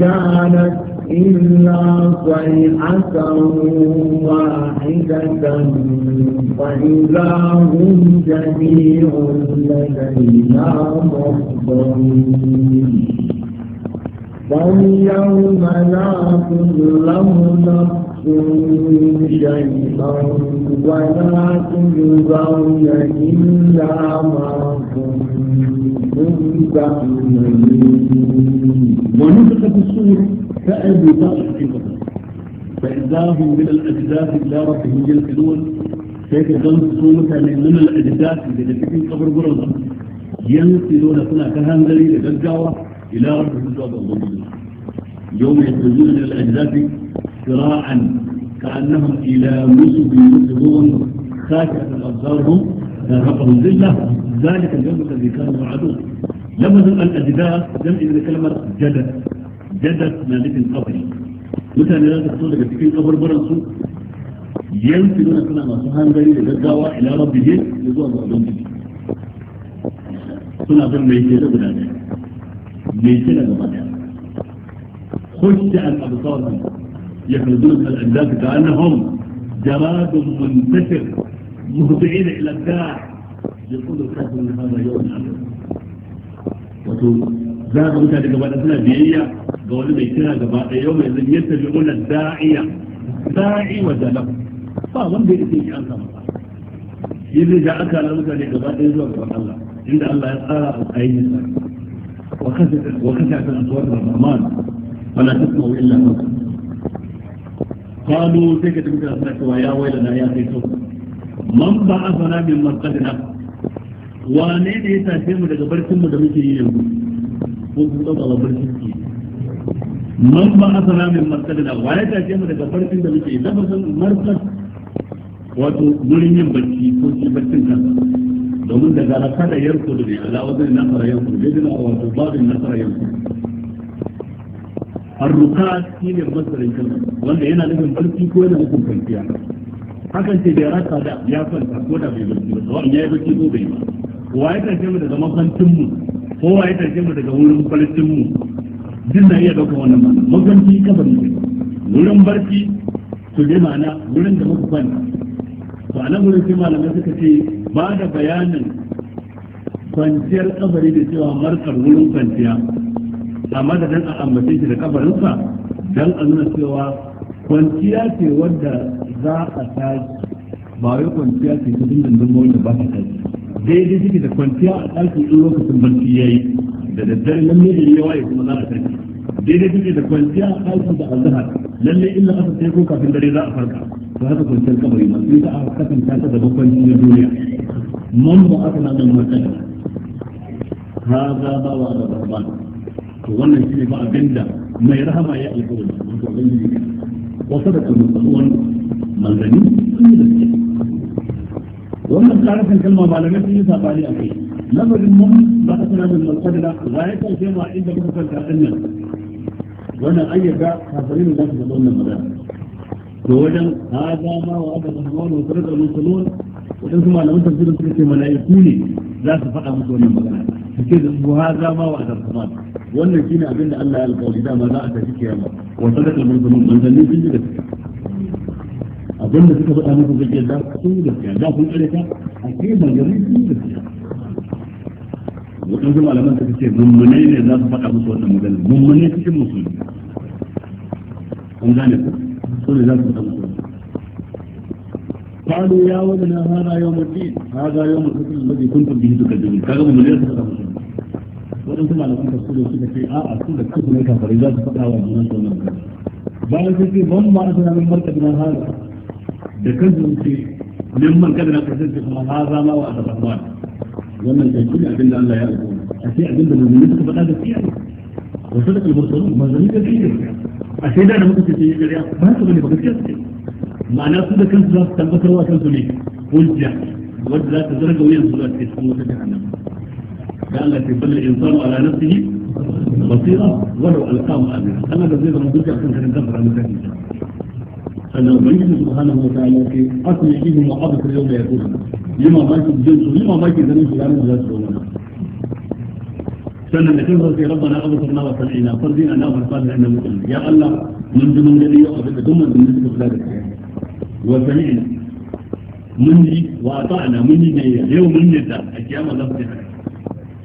كانت إلا صيحة واحدة فإذا هم جميع لدينا محضرين فاليوم لا تظلم نفس شيئا ولا تجزون إلا ما كنتم تعملون ونفخ في الصور فأبدا في البصر فإذا هم من الأجداث إلى ربهم يلقدون كيف ظن صومك من الأجداث إذا تكون قبر برزة ينقلون سنة كهان دليل الجوة إلى ربهم جواب يوم يخرجون الى الاجداد سراعا كانهم الى نصب يصبون خاشعه ابصارهم ذهبهم ذله ذلك اليوم الذي كانوا وعدوه لما ذم الاجداد لم الى كلمه جدد جدد مالك القبر متى لا تقول لك في قبر برنسو ينفذون كما ما سبحان غير الدعوه الى ربه يزور ربهم به سنة ذم ميتين ابن ادم ميتين ابن خش الأبطار يخلدون الأجداد كأنهم جراد منتشر مهضعين إلى الداع يقول الحظ من هذا يوم الأمر وطول زاد قبل أثناء بيئية قول بيتنا قبائي يوم إذن يتبعون الداعية داعي وزلم فأظن بيئتين كأن سمطان يلي جاءك على مجال قبائي يزور رب الله عند الله يقرأ أي نساء وخشعت الأصوات الرحمن فلا تسمعوا إلا موتا قالوا تلك تمكن أسنك ويا ويلنا يا سيسو من بعثنا من مرقدنا wane ne ya tafi mu daga barcin mu da muke yi yanzu ko kun ɗauka ba barcin ki man ba asara min markadina wa wane tafi mu daga barcin da muke yi lafazin markad wato gurin yin barci ko shi barcin kansa domin daga nasara yanku da ne ala wajen nasara yanku da ne wato babin nasara yanku الرقاد شيء مصدر الكلمة ولا هنا لازم بلتي كوينة لكم كنتيا hakan ce da ya rasa da ya kwanta ko da bai barci ba tsawon ya yi barci ko bai ba wa ya tashe mu daga makwancin mu ko wa ya tashe mu daga wurin barcin mu din na iya ɗaukar wannan ma'ana makwanci kabar ne wurin barci su je ma'ana wurin da muka kwanta to a nan wurin sai malamai suka ce ba da bayanin kwanciyar kabari da cewa markar wurin kwanciya da madadin a ambace shi da kabarinsa don a nuna cewa kwanciya ce wadda za a tashi ba wai kwanciya ce ta dindindin wanda ba ta tashi daidai suke da kwanciya a ɗakin in lokacin barci ya yi da daddare nan ne da yawa ya kuma za a tashi daidai suke da kwanciya a ɗakin da azhar lalle illa aka sai ko kafin dare za a farka to haka kwanciyar kabari ma sai ta aka kasance ta da bakwanci na duniya mun ba aka nan nan mata هذا ما وعد الرحمن to wannan shine ba abinda mai rahama ya alƙawari wato ubangiji wa sadaka musallan manzani sun yi gaske wannan karafin kalma malamai sun yi sabani a kai lamarin mun ba a sanadin malkadila za ya kan kema inda muka kanta ɗannan wannan ayyaka kafirin da su zaɓa wannan magana to wajen haza ma wa aka rahmanu wa sadaka musallan wajen su malamin tafsirin suka ce mala'iku ne za su faɗa musu wannan magana وهذا ما وعد الصمد وان جينا عندنا الله يقول اذا ما ذاك ذيك يا ما وصدق المنظم المنظم في ذلك أظن سكبت أنا في ذلك ذاك سوء ذلك ذاك سوء ذلك أكيد ما يريد سوء ذلك وتنظم على من تكسي ممنين ذات فقع مصوى المدل ممنين تكسي مصوى المدل ومدانة سوء ذلك مصوى قالوا يا ولنا هذا يوم الدين هذا يوم الحكم الذي كنتم به تكذبون كذب من ليس هذا وانتم على ثم لكم تقولوا في شيء اه اكون لكم من الكفر اذا تفقى وجهنا سوى من الكفر بعد ذلك هم ما اتنا من مركبنا هذا تكذبوا في من مركبنا تكذب في هذا ما وعد الرحمن ومن تكذب عبد الله الا يعلمون اشياء عبد الله من يكتب هذا الشيء وصدق المرسلون ما زال كثير اشياء انا ممكن في لي ما تبغى تكذب معنى سبب كان سبب كان بكر وكان سليك قلت يا ود لا تدرجوا يا سبب في سموك جهنم قال لك يبلغ الانسان على نفسه بصيره ولو القام ابي انا بزيد من ذكر كنت انتظر على ذلك أن المجلس سبحانه وتعالى في أصل يجيب المعاد في اليوم يقول لما ما يكون جنس لما ما يكون جنس لما ما يكون سنة نكذر في ربنا أبصرنا وصلحنا فرضينا أنه فرصان لأنه مؤمن يا الله من جمع الذي يؤمن دمنا من نسبة ذلك يعني وسمعنا sami'na mun yi wa ata'na mun yi yau mun yi da a kiyama za su yi haka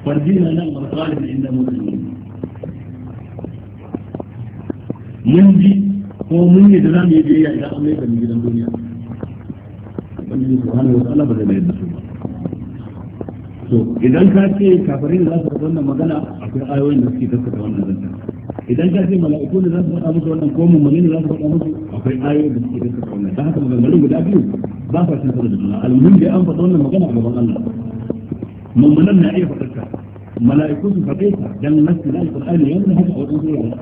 fardina nan wa salih inda muslimin mun ji ko mun yi da za mu yi biyayya idan an mai da idan ka ce kafirin za su wannan magana akwai ayoyin da suke ta wannan zancen idan ka ce mala'iku ne za su faɗa musu wannan ko mummuni ne za su faɗa musu akwai ayoyi da suke gaskata wannan ta haka maganganun guda biyu ba sa cin karo da juna almuhim da an faɗa wannan magana a gaban Allah mummunan na iya faɗa ta mala'iku su faɗe ta dan nasu da alƙur'ani yanzu haka a wajen sura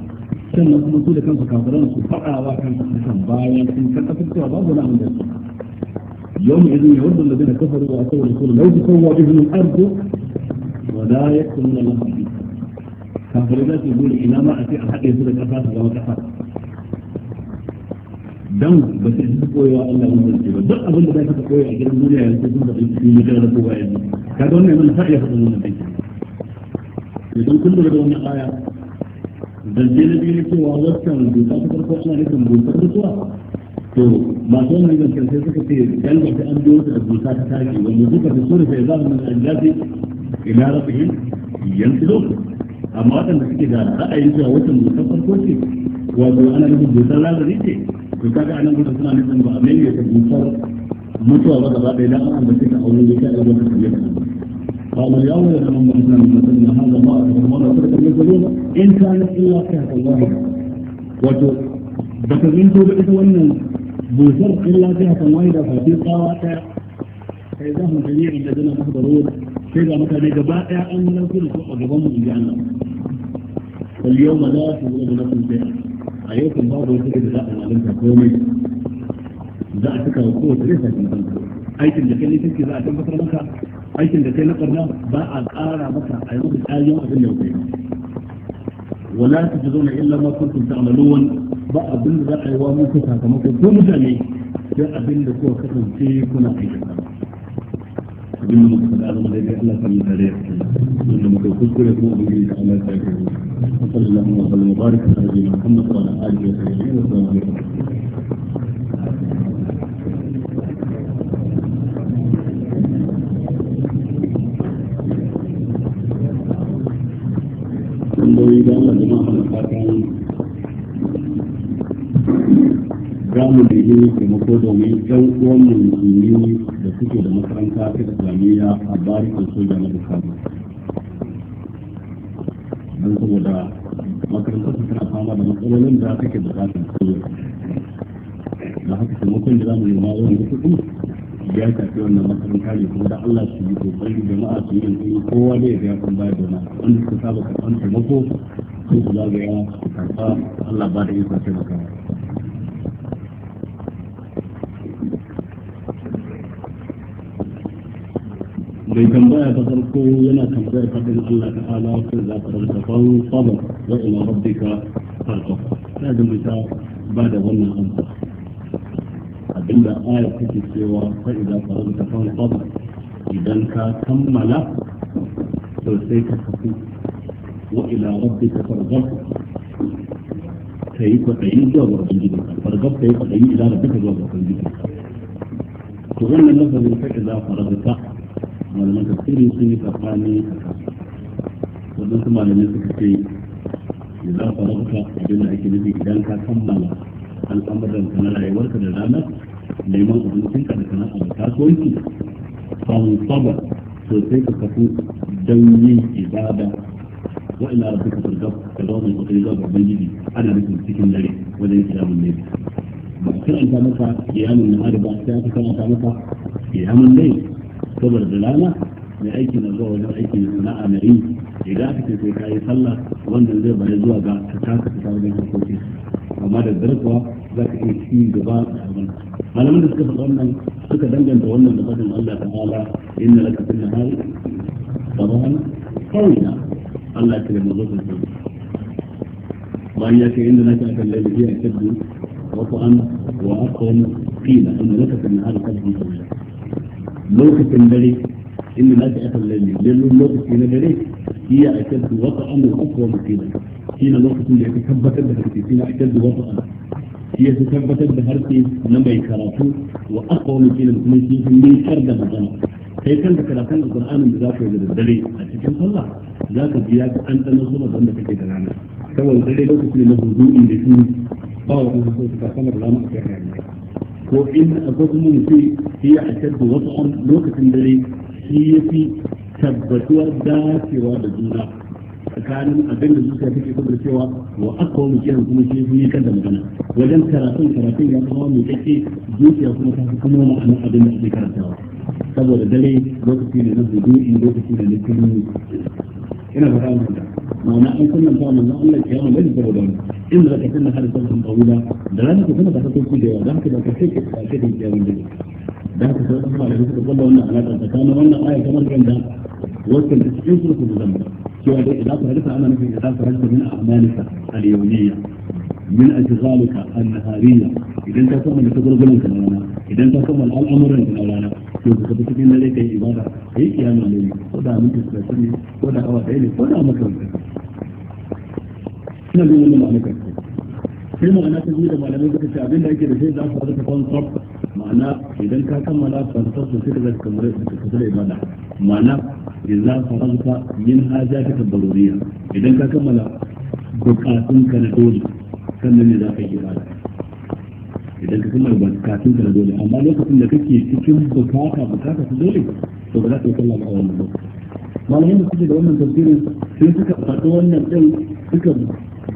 sannan kuma su da kansu kafiran su faɗa wa kansu kan bayan sun tabbatar cewa babu na abin da su ya da kafaru يوم إذن يود الذين كفروا وأتوا الرسول لو wa da الأرض ولا na الله kafirai za su gole ina ma a ce a haɗe su da ƙasa su zama ƙasa dan ba su ji koyewa Allah mun zance ba duk abin da za ka koya a gidan duniya yanzu sun da ɗauki ne kada da kowa yanzu kaga wannan yana faɗi ya faɗi wannan dai idan kun lura da wannan aya zance na biyu ne cewa wancan doka ta farko ana nufin dokar mutuwa to masu wannan zancen sai suka ce yan da ta an biyo da doka ta taki wanda suka fi so da sai za mu nan an jafi ila rabbihim yanzu amma waɗanda suke da ra'ayin cewa watan dokar farko ce wato ana nufin dokar lazari ce to kaga anan gudun suna nufin ba a maimaita dokar mutuwa ba gaba ɗaya dan an ambace ta aure ya kai wata kalle ta قال الأول لما أنزلنا من مثلنا هذا ما أكبر مرة فرقا يقولون إن كانت إلا كهف الله وتو بتزنتو بإذن أن بوزر إلا كهف الله إذا فاتي قاوة فإذا هم جميع الذين محضرون sai ga mutane gaba ɗaya an yi lafiya su a gaban mu in ji Allah kal yau ma za su zama na sun a yau kan babu wata da za a lalanta komai za a cika wa kowace rai sakin kanka aikin da kai ne kake za a tabbatar maka aikin da kai na ƙarna ba a ƙara maka a yi maka ƙariyan abin da ya kai ولا تجدون الا ما كنتم تعملون بقى ابن ذا ايوا ممكن سakamakon ko mutane da abin da kuka kasance kuna aikata abin da muka faɗa zama daidai Allah ta mutane da wanda muka kuskure ko abin da Allah ta yi sallallahu alaihi wa sallam mubarak ta rabbi Muhammad wa ala alihi wa sahbihi wa sallam tambayoyi da Allah jama'a da fatan za mu nemi taimako domin ɗan uwan mu musulmi da suke da makaranta ta islamiyya a barikin soja na bukari don saboda su tana fama da matsalolin da take bukatar soja da haka taimakon da za mu nema wani ya wannan makaranta ne kuma da Allah su yi kokari jama'a su yi yanzu kowa ne ya kan bayar da nan wanda suka saba karɓar taimako su zagaya su karɓa Allah ba da ikon taimakawa bai tambaya ta farko yana tambayar fadin Allah ta ala ko za ka rasa fan sabar wa ila rabbika farko ta da mata ba da wannan amsa abinda aya take cewa fa idza faranta fan sabar idan ka kammala to sai ka tafi wa ila rabbika farghab kai kwaɗayi zuwa ga ubangiji farghab kai kwaɗayi ila rabbika zuwa ga ubangiji to wannan lafazin fa idza faranta malaman tafsiri sun yi tsakani waɗansu malamai suka ce idan farauta abin da ake nufi idan ka kammala al'amuran ka na rayuwarka da rana neman abincinka da sana'a da kasuwanci fansaba to sai ka kafu don yin ibada wa ila rabbika fargab ka zo mai kokari zuwa babban gidi ana nufin cikin dare wajen kiyamun ne ba a kiranta maka kiyamun na ba sai aka karanta maka kiyamun ne saboda rana mai aiki na zuwa wajen aiki na sana'a na yi idan aka ce sai ka yi sallah wannan zai bari zuwa ga ka taka fita wajen harkokin amma da zarfawa za ka iya ci gaba da abin malaman da suka faɗa wannan suka danganta wannan da fadin Allah ta'ala inna laka fil nahari sabahan qawla Allah ya kare mu zuwa bayan ya ce inda naka akan laifi ya kaddu wa qan wa aqwam qila inna laka fil nahari qadhan qawla لوكتين دري إن ما جاءت الليل لأن لوكتين دري هي أشد وطأ من أقوى مكينة هنا لوكتين دري تثبت بهرتي هنا أشد وطأ هي تثبت بهرتي نبي كراسو وأقوى من مكينة من شرد مجمع فيكن بكراسان القرآن بذاته يجب الدري أشكم الله ذات الجياد أنت نظر ظنك كي تلعنا سوى الدري لوكتين لهدوء لكي باوة نظر تتصمر لا مأكيا يعني وإن أغضم في هي أشد وضعا لوكة دليل هي في tabbatar dacewa da tsakanin abin da zuciya take saboda cewa wa akwa mu kiran kuma shi sun yi kan da magana wajen karatun karatun ya zama mai kake zuciya kuma ta fi kuma ma'anar abin da ake karantawa saboda dare lokaci ne na in lokaci ne na kirmi ina fara mun da ma'ana an kunna ta manzon Allah ya kiyama da saboda wannan in da ka kunna har sabon kawula da ranar ka ta ka sauki da yawa dan ka da ka sai ka sai da kiyama da da ka sauka da suka kulla wannan alaƙa tsakanin wannan aya kamar ganda wasu da cikin su da cewa dai idan ka halitta ana nufin idan ka halitta min a'malika al-yawmiyya min ajzalika an-nahariyya idan ka kammala ta gurgulan ka rana idan ka kammala al'amuran ka rana to ka tafi cikin dare kai ibada kai kiyama ne ko da minti 30 ne ko da awa ɗaya ne ko da makarantar ina ganin wannan ma'anar sai ma'ana ta biyu da malamai suka ce da ake da shi shaida fa zaka kon tsaf ma'ana idan ka kammala fa tsaf sai ka zaka kamar ka tsare ibada ma'ana za idza faranka yin haja ta tabbaruriya idan ka kammala bukatun ka na dole sannan ne za ka yi ibada idan ka kammala bukatun ka na dole amma lokacin da kake cikin bukata bukata ta dole to ba za ka yi sallah ba a wannan ba malamin da suke da wannan tafsirin sai suka faɗi wannan ɗin suka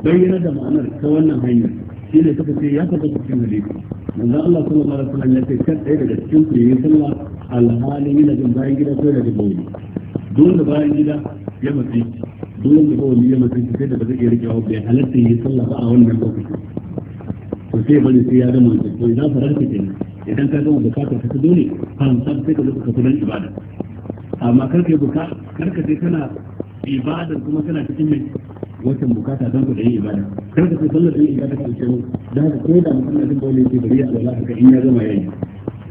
don bayyana da ma'anar ta wannan hanyar shi ne suka ce ya tabbata cikin hadisi manzon Allah sallallahu alaihi wasallam ya ce kan ɗaya daga cikin ku yayin sallah alhalin yana jin bayan gida ko yana jin don dole bayan gida ya matsi dole bawli ya matsi sai da ba zai iya rikewa bai halatta yayin sallah ba a wannan lokaci to sai bari sai ya gama to idan fararka kenan idan ka gama bukatar ka dole kan san sai ka zo ka kula ibada amma karka yi buka karka sai kana ibadar kuma tana cikin mai watan bukata don ku da yin ibada kar ka ce sallar yin ibada ta ce da haka ko da mutum na jin dole ce bari ya alwala ka in ya zama yayi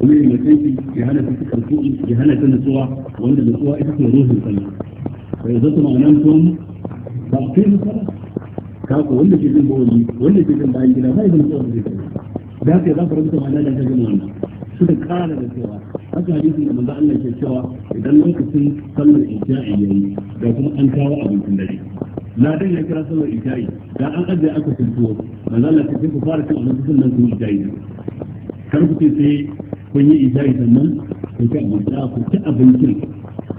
kuma ya mutunci ya hana ta cikin kuɗi ya hana ta nutsuwa wanda nutsuwa ita ce ruhin sallah fa yanzu kuma nan tun ba kin sallah ka ko wanda ke jin bawali wanda ke jin bayan gida ba ya jin nutsuwa da zai da haka ya za ka rubuta ma'ana da ta gama wannan su da kara da cewa haka hadisin da manzo Allah ke cewa idan lokacin sallar isha'i yayi da kuma an kawo abincin dare ladan ya kira sallar isha'i da an ajiye aka tuntuwo manzo Allah ke ku fara cin abincin sannan ku isha'i kar ku ce sai kun yi isha'i sannan ku ci abinci ku ci abincin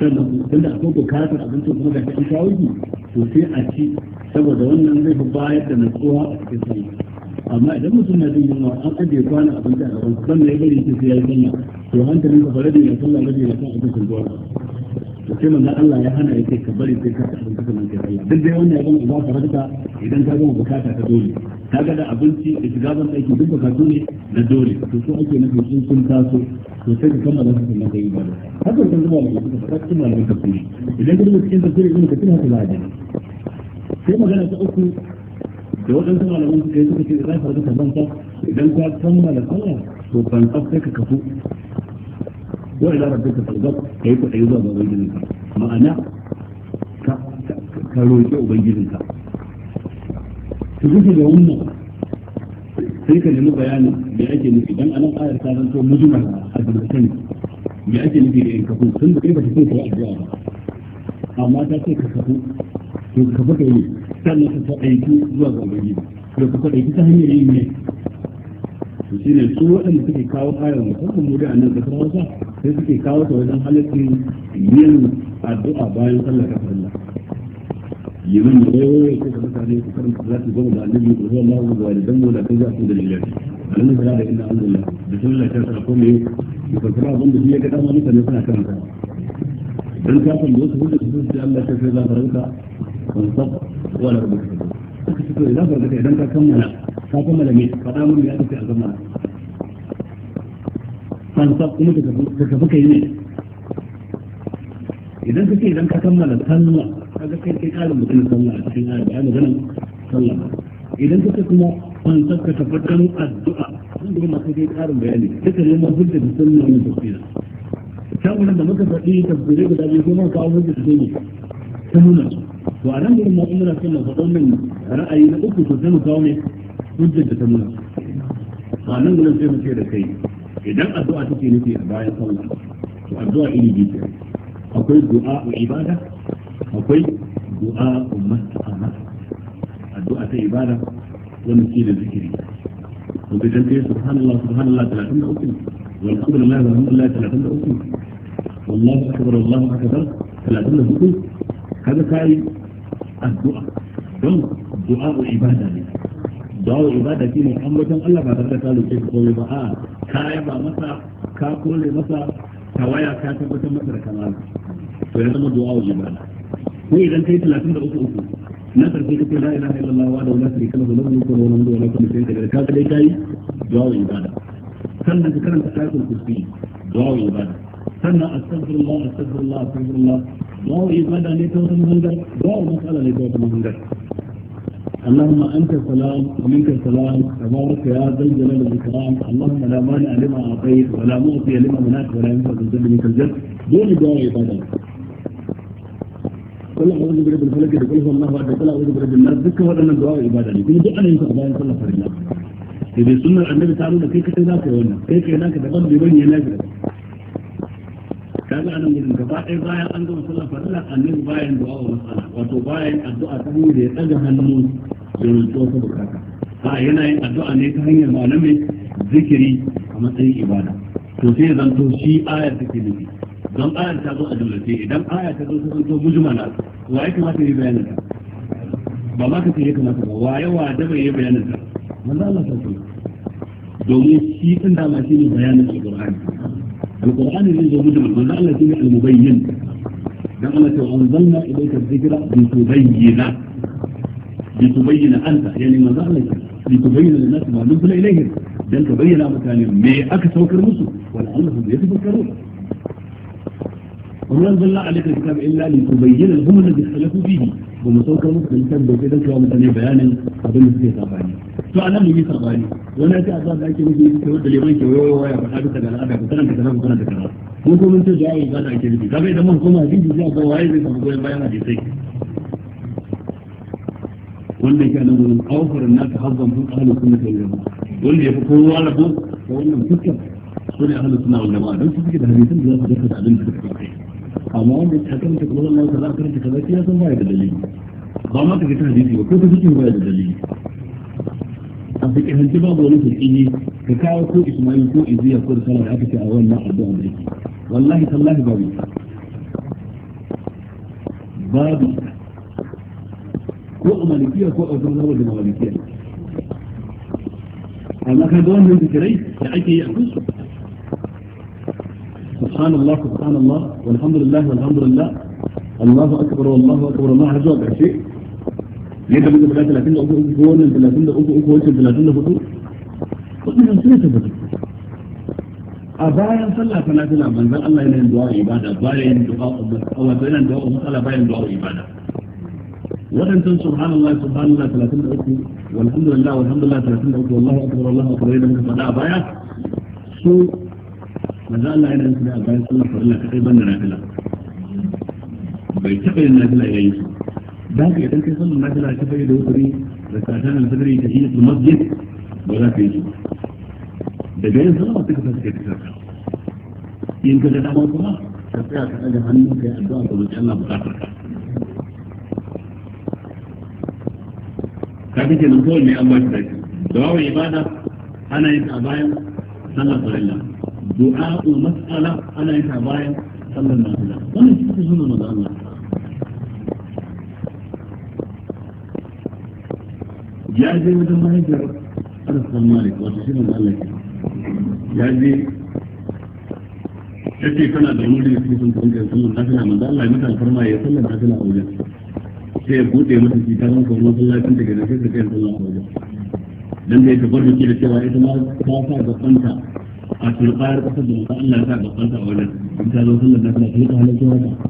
sannan tunda akwai bukatar abincin kuma ga an kawo ki to sai a ci saboda wannan zai fi bayar da natsuwa a cikin sallah amma idan mutum na jin yunwa an ajiye kwana a banka a gaban sannan ya bari sai ya yi sallah to hankalin ka bare da ya da rage da kan abincin zuwa to sai manzon Allah ya hana yake ka bari sai ka abin ka nan kai Allah. duk dai wannan ya gama ba ka raka idan ka gama bukata ta dole ka ga da abinci da shiga ban aiki duk ka dole da dole to so ake nufin sun sun taso to sai ka kammala su nan da yi ba haka sun zama da suka fara cikin malamin tafsiri idan ka duba cikin tafsirin ka tuna haka ba a sai magana ta uku da waɗansu malaman suka yi suka ce za ka rubuta banka idan ka kammala sallah to ban tsafta ka kafu wa ila rabbika farzaq kai ku ayi zuwa ga ka ma'ana ka ka roƙi ubangijinka to kuke da wannan sai ka nemi bayanin da ake nufi dan anan ayar ta zanto mujmal a dukkan me ake nufi da kafu tun da kai ba ka so ka yi addu'a ba amma ta ce ka kafu to ka faɗa ne sannan ka faɗaiku zuwa ga ubangiji da ka faɗaiku ta hanyar yin ne to shi ne su waɗanda suke kawo ayar musamman mu da annan kasar wasa sai suke kawo ta wajen halittin yin addu'a bayan sallar kasar Allah liman da wayoyi ko da mutane ku karanta za su zama da annabi ko zuwa Allah ga walidan mu da kan za su da lillahi annabi da inna Allah da sallar kasar ko ne ku abin da shi ya ga dama mutane suna إن كان في يوسف كل خصوص أن لا تفعل إذا فرغت والصبر لا بد إذا فرغت إذا أنت كمل كمل مين فقام من يأتي في الزمان فانصب كما تكفك يمين إذا كنت إذا أنت لا صلى هذا كي تقال مثل صلى في الآية أنا غنم صلى إذا كنت كما فانصب كتفكر الدعاء عندما تجي قارن بياني تكلم ما قلت بسنة من تفكيرها shagunan da muka faɗi tafsirai guda biyu kuma kawo musu da ne ta nuna su to a nan gurin ma umara sun na faɗon nan ra'ayi na uku to sai mu kawo ne hujjar da ta nuna su a nan gurin sai mu ce da kai idan addu'a take nufi a bayan sallah to addu'a iri biyu ce akwai du'a wa ibada akwai du'a wa mas'ala addu'a ta ibada wani ce da zikiri وبدل كده سبحان الله سبحان الله 33 والحمد لله والحمد لله 33 والله أكبر الله أكبر ثلاثون ذكر هذا كاي الدعاء دم دعاء عبادة دعاء عبادة كيما أمرك الله بعد ذلك قالوا كيف قولي بها كاي با مسا كا قولي مسا كوايا كا تبتا مسا كمال فهذا دعاء عبادة وإذا كاي ثلاثون ذكر na karfe kake la ilaha illallah wa da wala shirika lahu lahu mulku wa lahu wa lahu kullu shay'in qadir ka dai kai du'a ibada sannan ka karanta ayatul kursi du'a ibada سنة sannan astagfirullah astagfirullah الله babu ibada ne ta wata mahangar babu matsala ne ta wata mahangar اللهم انت السلام ومنك السلام تبارك يا ذا الجلال والاكرام اللهم لا مانع لما اعطيت ولا معطي لما منعت ولا ينفع ذا الجد منك الجد دون دعاء عباده كل اعوذ برب الفلك كل هو الله احد كل اعوذ برب الناس ذكر هذا من دعاء عباده كل دعاء ينفع بين كل فريق إذا سنة النبي تعالى كيف يا وانا كيف هناك تقضي بيني ناجرة kaga anan gurin gaba ɗaya bayan an gama sallah farilla annabi bayan du'a wa masala wato bayan addu'a ta hanyar ya ɗaga hannu da rantsuwa ta bukata a yana yin addu'a ne ta hanyar malamai zikiri a matsayin ibada to sai zanto shi ayar ta ke nufi don ayar ta zo a jumlace idan ayar ta zo ta zanto mujmala wa ya kamata yi bayanin ta ba ma ka ce ya kamata ba wa ya wada bai yi bayanin ta manzo Allah ta domin shi din da ma shi ne bayanin qurani القرآن الذي يجب أن نعلى جميع المبين دعلت وأنزلنا إليك الذكرى لتبين لتبين أنت يعني ما دعلت لتبين للناس ما نزل إليهم لأن تبين مكان ما أكثر كرمسه ولعلهم يتفكرون وما أنزلنا عليك الكتاب إلا لتبين هم الذي اختلفوا فيه ومتوكل مسلم كان بيتك ومتني بيانا قبل مسلم يعني. to anan mun yi sabani wani ta azza da ake nufi ta wanda liman ke wayo waya ba ta bisa ga al'ada ba kana da kana kana da kana mun ko mun ce da ai ba da ake nufi kaga idan mun koma hadisi za ga waye zai samu goyen bayan hadisi wannan kana mun awfar naka hazzan fun ahlus sunnah wal jamaa wanda yafi kowa rabu da wannan fuskar sune ahlus sunnah wal jamaa dan su suke da hadisin da za su dafa da abin da suka kai amma wanda ta karanta kuma Allah ta za karanta kaza shi ya san ba da dalili ba ma ka ga hadisi ba ko ka fikin ba da dalili a fikirance babu wani firkihi ka kawo ko ismail ko iziya ko risala da aka ce a wannan addu'a da yake wallahi tallahi babu babu ko a malikiya ko a wasan zama da malikiya amma ka ga wannan fikirai da ake yi a kusa سبحان الله سبحان الله والحمد لله والحمد لله الله أكبر والله أكبر ما هذا شيء yadda muka faɗa talatin da uku uku ko wannan talatin da uku uku wancan talatin da hudu waɗannan suna tabbata a bayan sallah talatina manzon Allah yana yin du'a ibada bayan du'a wato yana du'a matsala bayan du'a ibada waɗancan subhanallah subhanallah talatin da uku walhamdulillah walhamdulillah talatin da uku wallahu akbar wallahu akbar yadda muka faɗa a baya su manzon Allah yana yin su a bayan sallah farilla kaɗai ban da nafila bai taɓa yin nafila yayin su dan ka idan kai sallar nafila ta bai da wuri da katan alfajiri ta hiyar masjid ba za ka yi ba daga yin sallar ta kasance ka tsaka in ka ga dama kuma ka tsaya ka daga hannu kai addu'a ka wajen Allah bukatar ka ka kake nan kawai mai an ba shi dace da wawan ibada ana yin a bayan sallar farilla du'a mas'ala ana yin a bayan sallar nafila wannan shi ne sunan manzo Allah ya je wajen mahaifiyar arzikin malik wata shi ne Allah ke ya je yake kana da wuri da sun tunka sallan Allah ya mata alfarma ya sallan nafila a wajen sai ya bude mata shi ta ranka ruwan daga da sai kai sallan a wajen dan da ya tabbar da cewa ita ma ta sa gabanta a turbayar kasar da Allah ya sa gabanta a wajen ta zo sallan ta yi ta halatta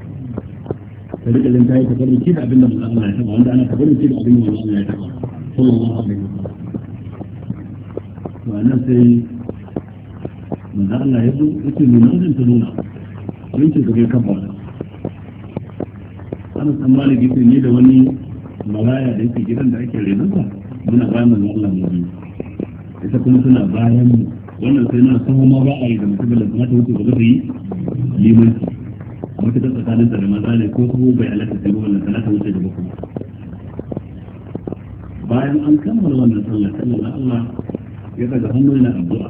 ta rika ta tayi tafarki da abin da Allah ya taba wanda ana tafarki da abin da Allah ya taba sallallahu alaihi wasallam to annan sai manzon Allah ya zo yake nuna zan ta nuna abin ce gaba kan bada ana san maliki sai ne da wani malaya da yake gidan da ake renansa muna bayan manzon Allah mu ita kuma suna bayan mu wannan sai na san ma ba a yi da mutum da kuma wuce gaba da yi limanci matukar tsakanin da maza ne ko kuma bai halatta ta yi wannan talata wuce da bakwai bayan an kammala wannan sallah sallah na Allah ya daga hannu na addu'a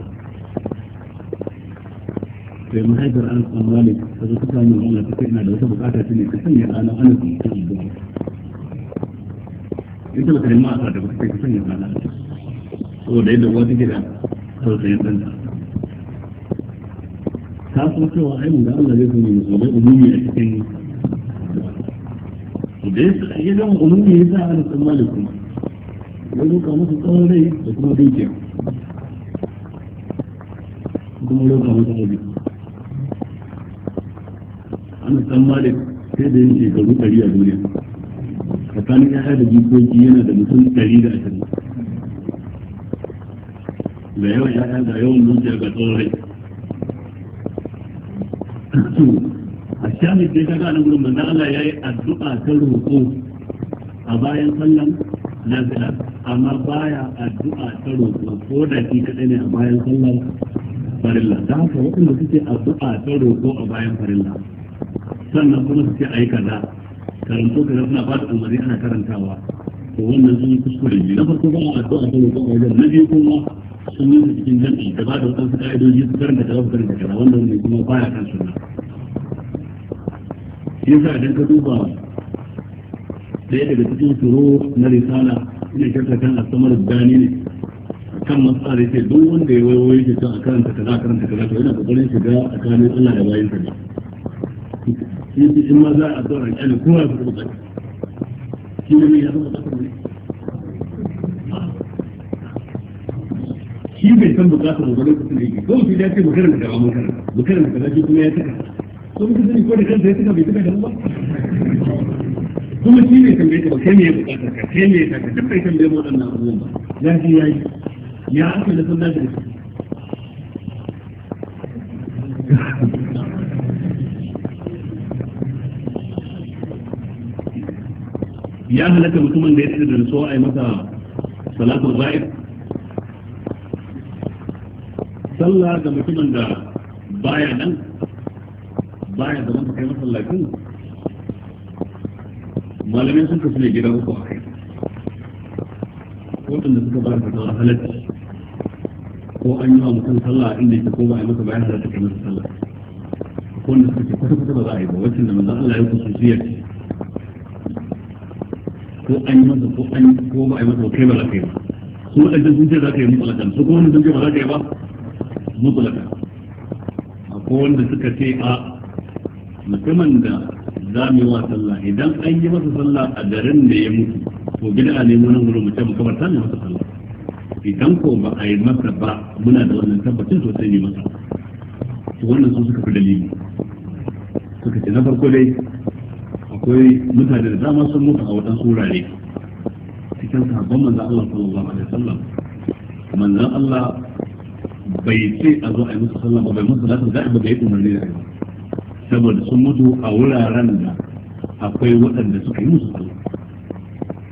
sai mahaifar an san malik ta zo ta samu Allah ta ina da wata bukata ta ne ka sanya ranar ana kuma ta addu'a ita ba ta yi ma'asa da ba ta ka sanya ranar saboda yadda uwa take da sauƙayin ɗanta ta kuma cewa ai mun da Allah zai kuma musulmai umumi a cikin da ya mun umumi ya sa ana tsammanin kuma ya roƙa masa tsawon rai da kuma dukiya kuma roƙa masa rabi ana tsammanin sai da yin shekaru ɗari a duniya tsakanin ya da jikoki yana da mutum ɗari da ashirin da yawan ya da yawan dukiya ga tsawon rai a shahid dai kaga na gurin manzon Allah yi addu'a ta roƙo a bayan sallan nazila amma baya addu'a ta roƙo ko da shi kadai ne a bayan sallan farilla da haka waɗanda suke addu'a ta roƙo a bayan farilla sannan kuma suke ayi kaza karanto kaza suna ba da umarni ana karantawa to wannan sun yi kuskure ne na farko ba a addu'a ta roƙon wajen na biyu kuma sun yi cikin jam'i da ba da wadansu ka'idoji su karanta kaza su karanta kaza wannan ne kuma baya kan sunna shi yasa idan ka duba ɗaya daga cikin suro na risala ina kyauta kan asamar dani ne kan matsala ce duk wanda ya wayo yake kan a karanta kaza a karanta kaza to yana kokarin shiga a tsakanin Allah da bayan sa ne in ma za a zo a kyale kowa su buƙata shi bai san bukatar mu bane kusa ne ko shi ya ce mu karanta kaza mun karanta mu karanta kaza shi kuma ya saka ko mutum sani ko da kansa ya saka bai saka da ba kuma shi bai tambaye ka ba kai ne ya bukatar ka kai ne ya saka duk bai tambaye mu wadannan abubuwan ba ya ji ya yi ya aka da sun da shi ya halatta mutumin da ya tsira da so a yi masa salatul za'ib sallah ga mutumin da baya nan baya da wanda kai masallacin malamai sun kasu ne gidan uku a kai da suka ba da halatta ko an yi wa mutum sallah inda yake ko ba a yi masa bayan halatta kai masa sallah ko wanda suka ce kwata-kwata ba za a yi ba wacce da manzan Allah ya kusurciyar ce ko an yi masa ko an ko ba a yi masa kai ba za ka yi ba su ɗan sun ce za ka yi mutulakan su kuma sun ce ba za ka yi ba a ko wanda suka ce a musamman da za mu yi wa sallah idan an yi masa sallah a garin da ya mutu to bid'a ne mun gurin mu ce mu kamar sallah masa sallah idan ko ba a yi masa ba muna da wannan tabbacin sosai ne masa wannan su suka fi dalili suka ce na farko dai akwai mutane da dama sun mutu a waɗansu wurare cikin sahabban manzan Allah sallallahu alaihi wasallam manzan Allah bai ce a zo a yi musu sallah ba bai musu latin za'i ba bai yi umarni da ba saboda sun mutu a wuraren da akwai waɗanda suka yi musu sallah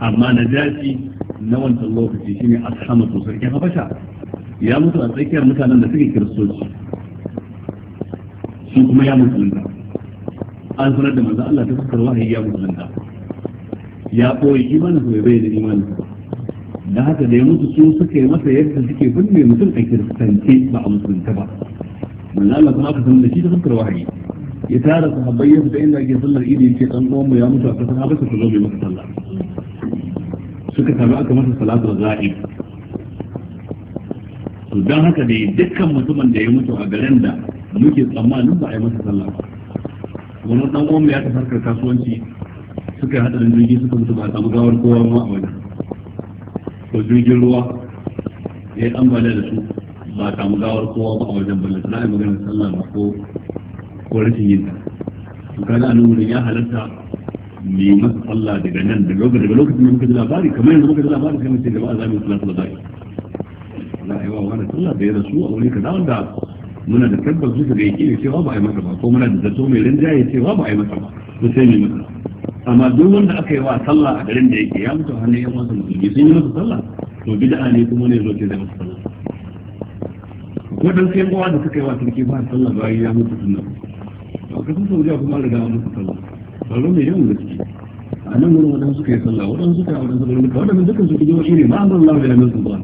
amma na jaji na wancan lokaci shine ashamatu Sarki habasha ya mutu a tsakiyar mutanen da suke kiristoci shi kuma ya musulunta an sanar da manzo Allah ta fuskar wahayi ya musulunta ya boye imanin sa bai da imanin da haka da ya mutu su suka yi masa yadda suke binne mutum a kiristance ba a musulunta ba manzo Allah kuma aka sanar da shi ta fuskar wahayi ya tara su sahabbai ya fita inda ake sallar idi yake dan uwan mu ya mutu a kasar habasa su zo bai masa sallah suka tabi aka masa salatu za'ib Don haka dai dukkan mutumin da ya mutu a garin da muke tsammanin ba a yi masa sallah ba wani dan uwan ya tafi harkar kasuwanci suka hada da jirgi suka mutu ba samu gawar kowa ma a wajen to jirgin ruwa ya yi ambaliya da su ba samu gawar kowa ba a wajen balle suna yi maganar sallah ba ko ko rashin yin ta to anan wurin ya halatta mai masa sallah daga nan daga lokacin da muka ji labari kamar yanzu muka ji labari kamar mu jama'a za mu yi sallah sallah za a yi wa wani sallah da ya rasu a wuri kaza wanda muna da tabbas bisa ga yake cewa ba a yi masa ba ko muna da zato mai rinjaye cewa ba a yi masa ba to sai mai masa amma duk wanda aka yi wa sallah a garin da yake ya mutu hannun yan wasu musulmi sun yi masa sallah to bid'a ne kuma ne zo ce zai masa sallah waɗansu yan uwa da suka yi wa sarki ba sallah bayan ya mutu sunna a kasan saudiya kuma riga an mutu sallah sallah mai yawan gaske a nan wurin waɗansu suka yi sallah waɗansu suka yi waɗansu suka yi waɗansu dukkan su kujewa shi ne ma'azin lafiya na sultan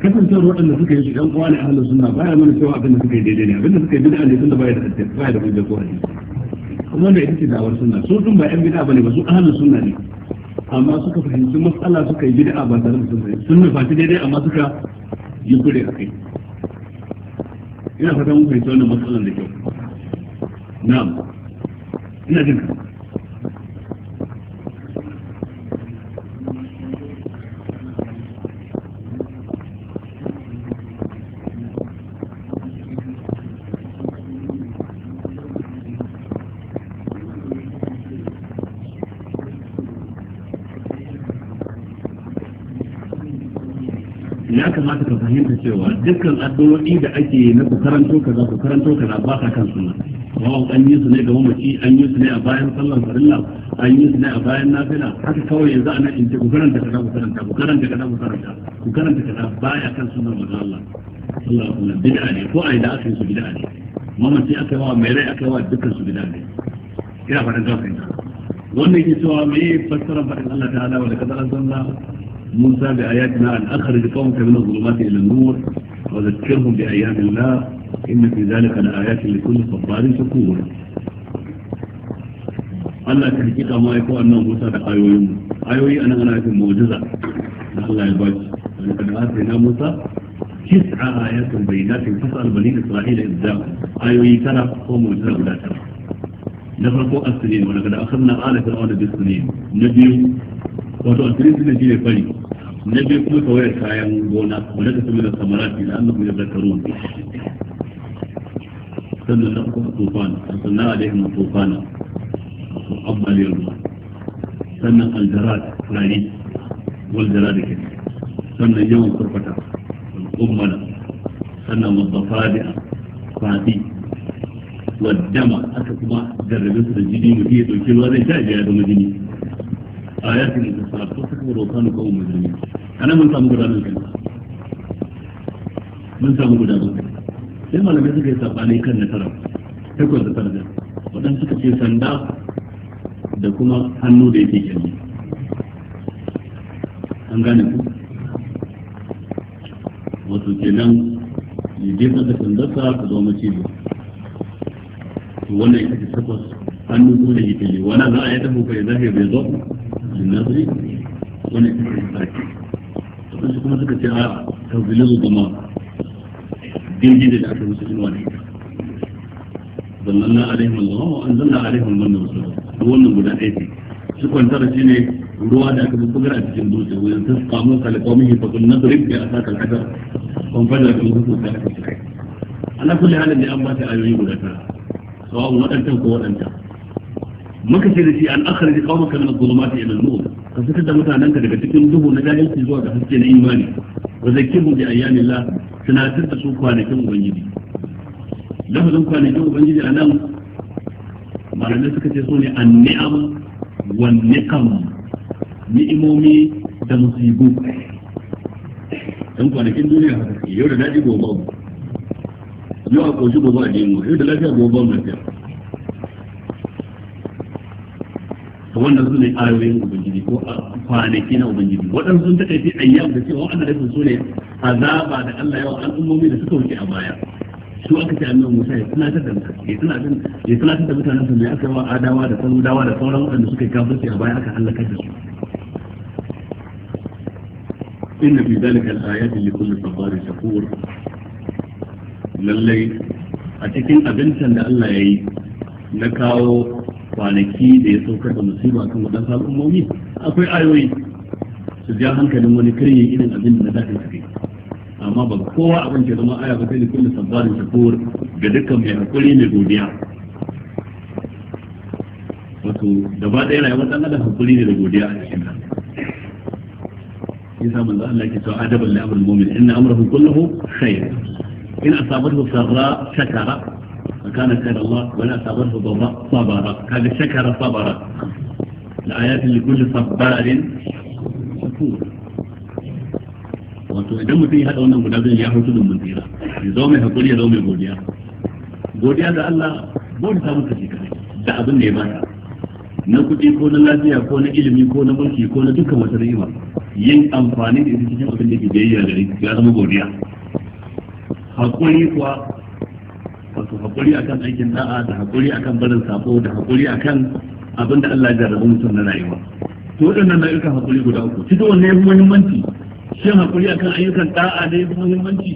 kasancewar waɗanda suka yi ɗan kowa ne halin suna baya mana cewa abin da suka yi daidai ne abin da suka yi bid'a ne tunda baya da hadisi baya da hujja kowa ne kuma da ita ce da'awar suna su sun ba yan bid'a ne ba su halin suna ne amma suka fahimci matsala suka yi bid'a ba tare da sun sunna ba ta daidai amma suka yi kure a kai ina fata mun fahimci wannan matsalan da kyau na'am ina jin ka ya kamata ka fahimta cewa dukkan addu'o'i da ake na ku karanto kaza ku karanto kaza ba ka kan suna wawan an yi su ne ga mamaci an yi su ne a bayan sallar farilla an yi su ne a bayan nafila haka kawai yanzu ana in ce ku karanta kaza ku karanta ku karanta kaza ku karanta ku karanta kaza ya kan sunan manzo Allah Allah kuma bid'a ne ko ai da aka yi su bid'a ne mamaci aka yi wa mai rai aka yi wa dukkan su bid'a ne ina fatan ka fahimta wannan yake cewa me fassara fadin Allah ta'ala wa kadara anzalna موسى بآياتنا أن أخرج قومك من الظلمات إلى النور وذكرهم بأيام الله إن في ذلك الآيات لكل صبار شكور أنا تحقيق ما يكون موسى بآيوي آيوي أنا أنا في موجزة نحن أنا يباج لقد آتنا موسى تسعة آيات بينات تسأل بني إسرائيل إذ آيوي ترى قوم موجزة ولا ترى نفرق السنين ولقد أخذنا آلة فرعون بالسنين نجيب wato alfirin suna shi ne fari na biyu kuma tawayar kayan gona wanda ka sami da samarati da annabu ya zakarun sannan na kuma a tufana a na alaihim a tufana a ambaliyar ruwa sannan aljarat rani wal jarad ke sannan yawan kurfata ummana sannan mazafadi'a wa dama aka kuma jarrabe su da jini mutum ya dauki ruwa zai sha ya zama jini ayatin da salat ko suka baro kanu ko mu jami ana mun samu guda nan kenan mun samu guda nan sai malamai suka yi sabani kan na takwas da tara wadan suka ce sanda da kuma hannu da yake kirji an gane ku wato kenan ya jefa da sandarsa ka zo wannan ita ce takwas hannu da wani bai zo linnazari wani ikirin kuma suka ce a tauzilazu zama da aka musu wasu wannan guda ɗaya ce kwantar shi ne ruwa da aka cikin dutse wajen samu fakul da da aka halin da an ba ta ayoyi guda tara sawa'un waɗancan ko waɗancan muka ce da shi an da qaumaka min adh-dhulumati ila an-nur ka fitar da mutanenka daga cikin duhu na jahilci zuwa ga haske na imani wa zakkihu bi ayyamillah tunatar da su kwanakin ubangiji lafazin kwanakin ubangiji a nan malamai suka ce su ne an ni'am wa niqam ni'imomi da musibu dan kwanakin duniya haka yau da daɗi gobe yau a koshi gobe a demo yau da lafiya gobe a lafiya to wannan su ne ayoyin ubangiji ko a kwanaki na ubangiji waɗansu sun takaice ayyam da cewa wannan rufin su ne azaba da Allah yawa al'ummomi da suka wuce a baya su aka ce annabi Musa ya tunatar da mutane ya tunatar ya da mutanen su ne aka wa adawa da samudawa da sauran waɗanda suka yi kafirci a baya aka halaka da su inna fi zalika al-ayati li kulli sabarin shakur lallai a cikin abincin da Allah ya yi na kawo kwanaki da ya saukar da musiba kan waɗansu al'ummomi akwai ayoyi su ja hankalin wani karye irin abin da za su kai amma ba kowa abin ke zama aya ba sai da kullu sabbarin shakur ga dukkan mai hakuri mai godiya wato gaba ɗaya rayuwar ɗan adam hakuri ne da godiya a cikin nan yasa manzo Allah ke cewa adaban li amrul mu'min inna amrahu kulluhu khair in asabatu sarra shakara كان خير الله ولا تضره ضراء صبرا هذا شكر صبرا الآيات كل صبار شكور wato idan mutum ya haɗa wannan guda zai ya hutu da tsira ya zo mai hakuri ya zo mai godiya godiya ga Allah godiya ta mutu shi da abin da ya bata na kuɗi ko na lafiya ko na ilimi ko na mulki ko na dukkan wata ni'ima yin amfani da ita cikin abin da ke biyayya da ya zama godiya hakuri kuwa wato hakuri akan aikin da'a da hakuri akan barin sako da hakuri akan abin da Allah ya jarrabu mutum na rayuwa to waɗannan nau'ikan hakuri guda uku cikin wanne yafi muhimmanci shin hakuri akan ayyukan da'a ne yafi muhimmanci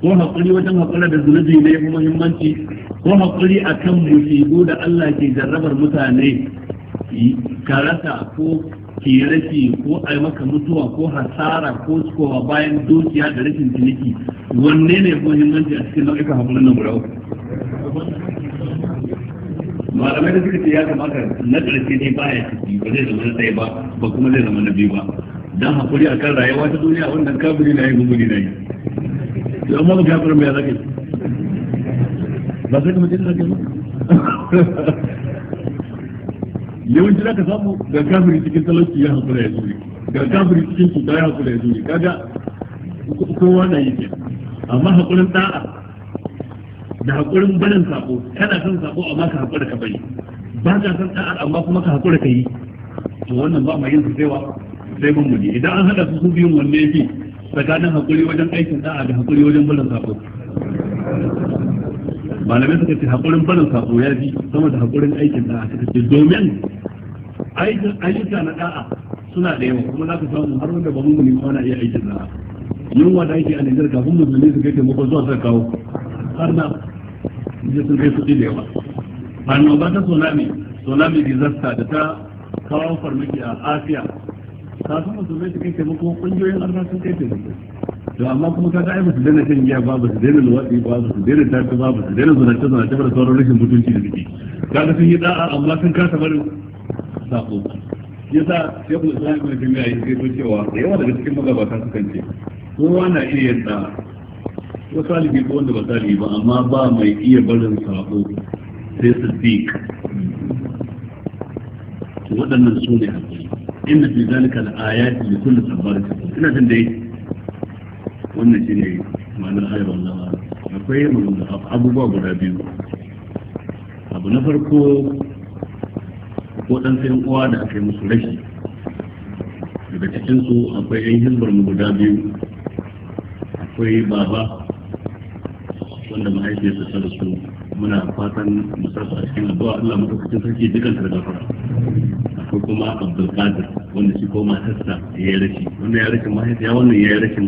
ko hakuri wajen hakura da zunubi ne yafi muhimmanci ko hakuri akan musibu da Allah ke jarrabar mutane karasa ko ke rashi ko a maka mutuwa ko hasara ko tsowa bayan dukiya da rashin ciniki wanne ne muhimmanci a cikin nau'ikan hakuri nan guda uku malamai da suka ce ya kamata na ƙarshe ne ba ya ciki ba zai zama na ɗaya ba ba kuma zai zama na biyu ba don hakuri a kan rayuwa ta duniya wannan kafiri na yi gungun na yi yau amma ba kafirin mai zaka ba sai kuma jin zaka ba yawanci ka samu ga kafiri cikin talauci ya hakura ya zuri ga kafiri cikin cuta ya hakura ya zuri kaga kowa na yi ke amma hakurin da'a da hakurin barin sako kana son sako amma ka hakura ka bari ba ka son da'a amma kuma ka hakura ka yi to wannan ba mai yin su saiwa sai mun muni idan an hada su su biyun wanne yake tsakanin hakuri wajen aikin da'a da hakuri wajen barin sako malamai suka ce hakurin barin sako ya fi sama da hakurin aikin da'a suka ce domin aikin ayyuka na da'a suna da yawa kuma za ka samu har wanda ba mun muni ma na iya aikin da'a yunwa da ake a Nijar kafin musulmi su kai taimako zuwa sarkawo kawo harna da sun kai kuɗi da yawa annoba ta tsunami tsunami disaster da ta kawo farmaki a asiya kafin musulmai su kai taimako ƙungiyoyin arna sun kai taimako to amma kuma kaga ai su daina shan giya ba su, daina luwaɗi ba su, daina tafi ba su, daina zunace zunace ba da sauran rashin mutunci da suke kaga sun yi da'a amma sun kasa barin sako Ya yasa shekul islam ibn taymiya yake cewa da yawa daga cikin magabata kan ce kowa na iya yin da'a ko salihi ko wanda ba salihi ba amma ba mai iya barin sabo sai siddiq waɗannan su ne hakuri inna fi zalika al-ayati li kulli sabarin ina jin dai wannan shine ma'anar ayar Allah akwai abubuwa guda biyu abu na farko ko ɗan sayan uwa da aka yi musu rashi daga cikinsu akwai yan hizbar mu guda biyu akwai baba wanda mahaifiyarsa ta rasu muna fatan musafa a cikin addu'a Allah madaukakin sarki dukkan ta da fara akwai kuma Abdul Qadir wanda shi ko matarsa ya rashi wanda ya rashin mahaifiya wannan ya yi rashin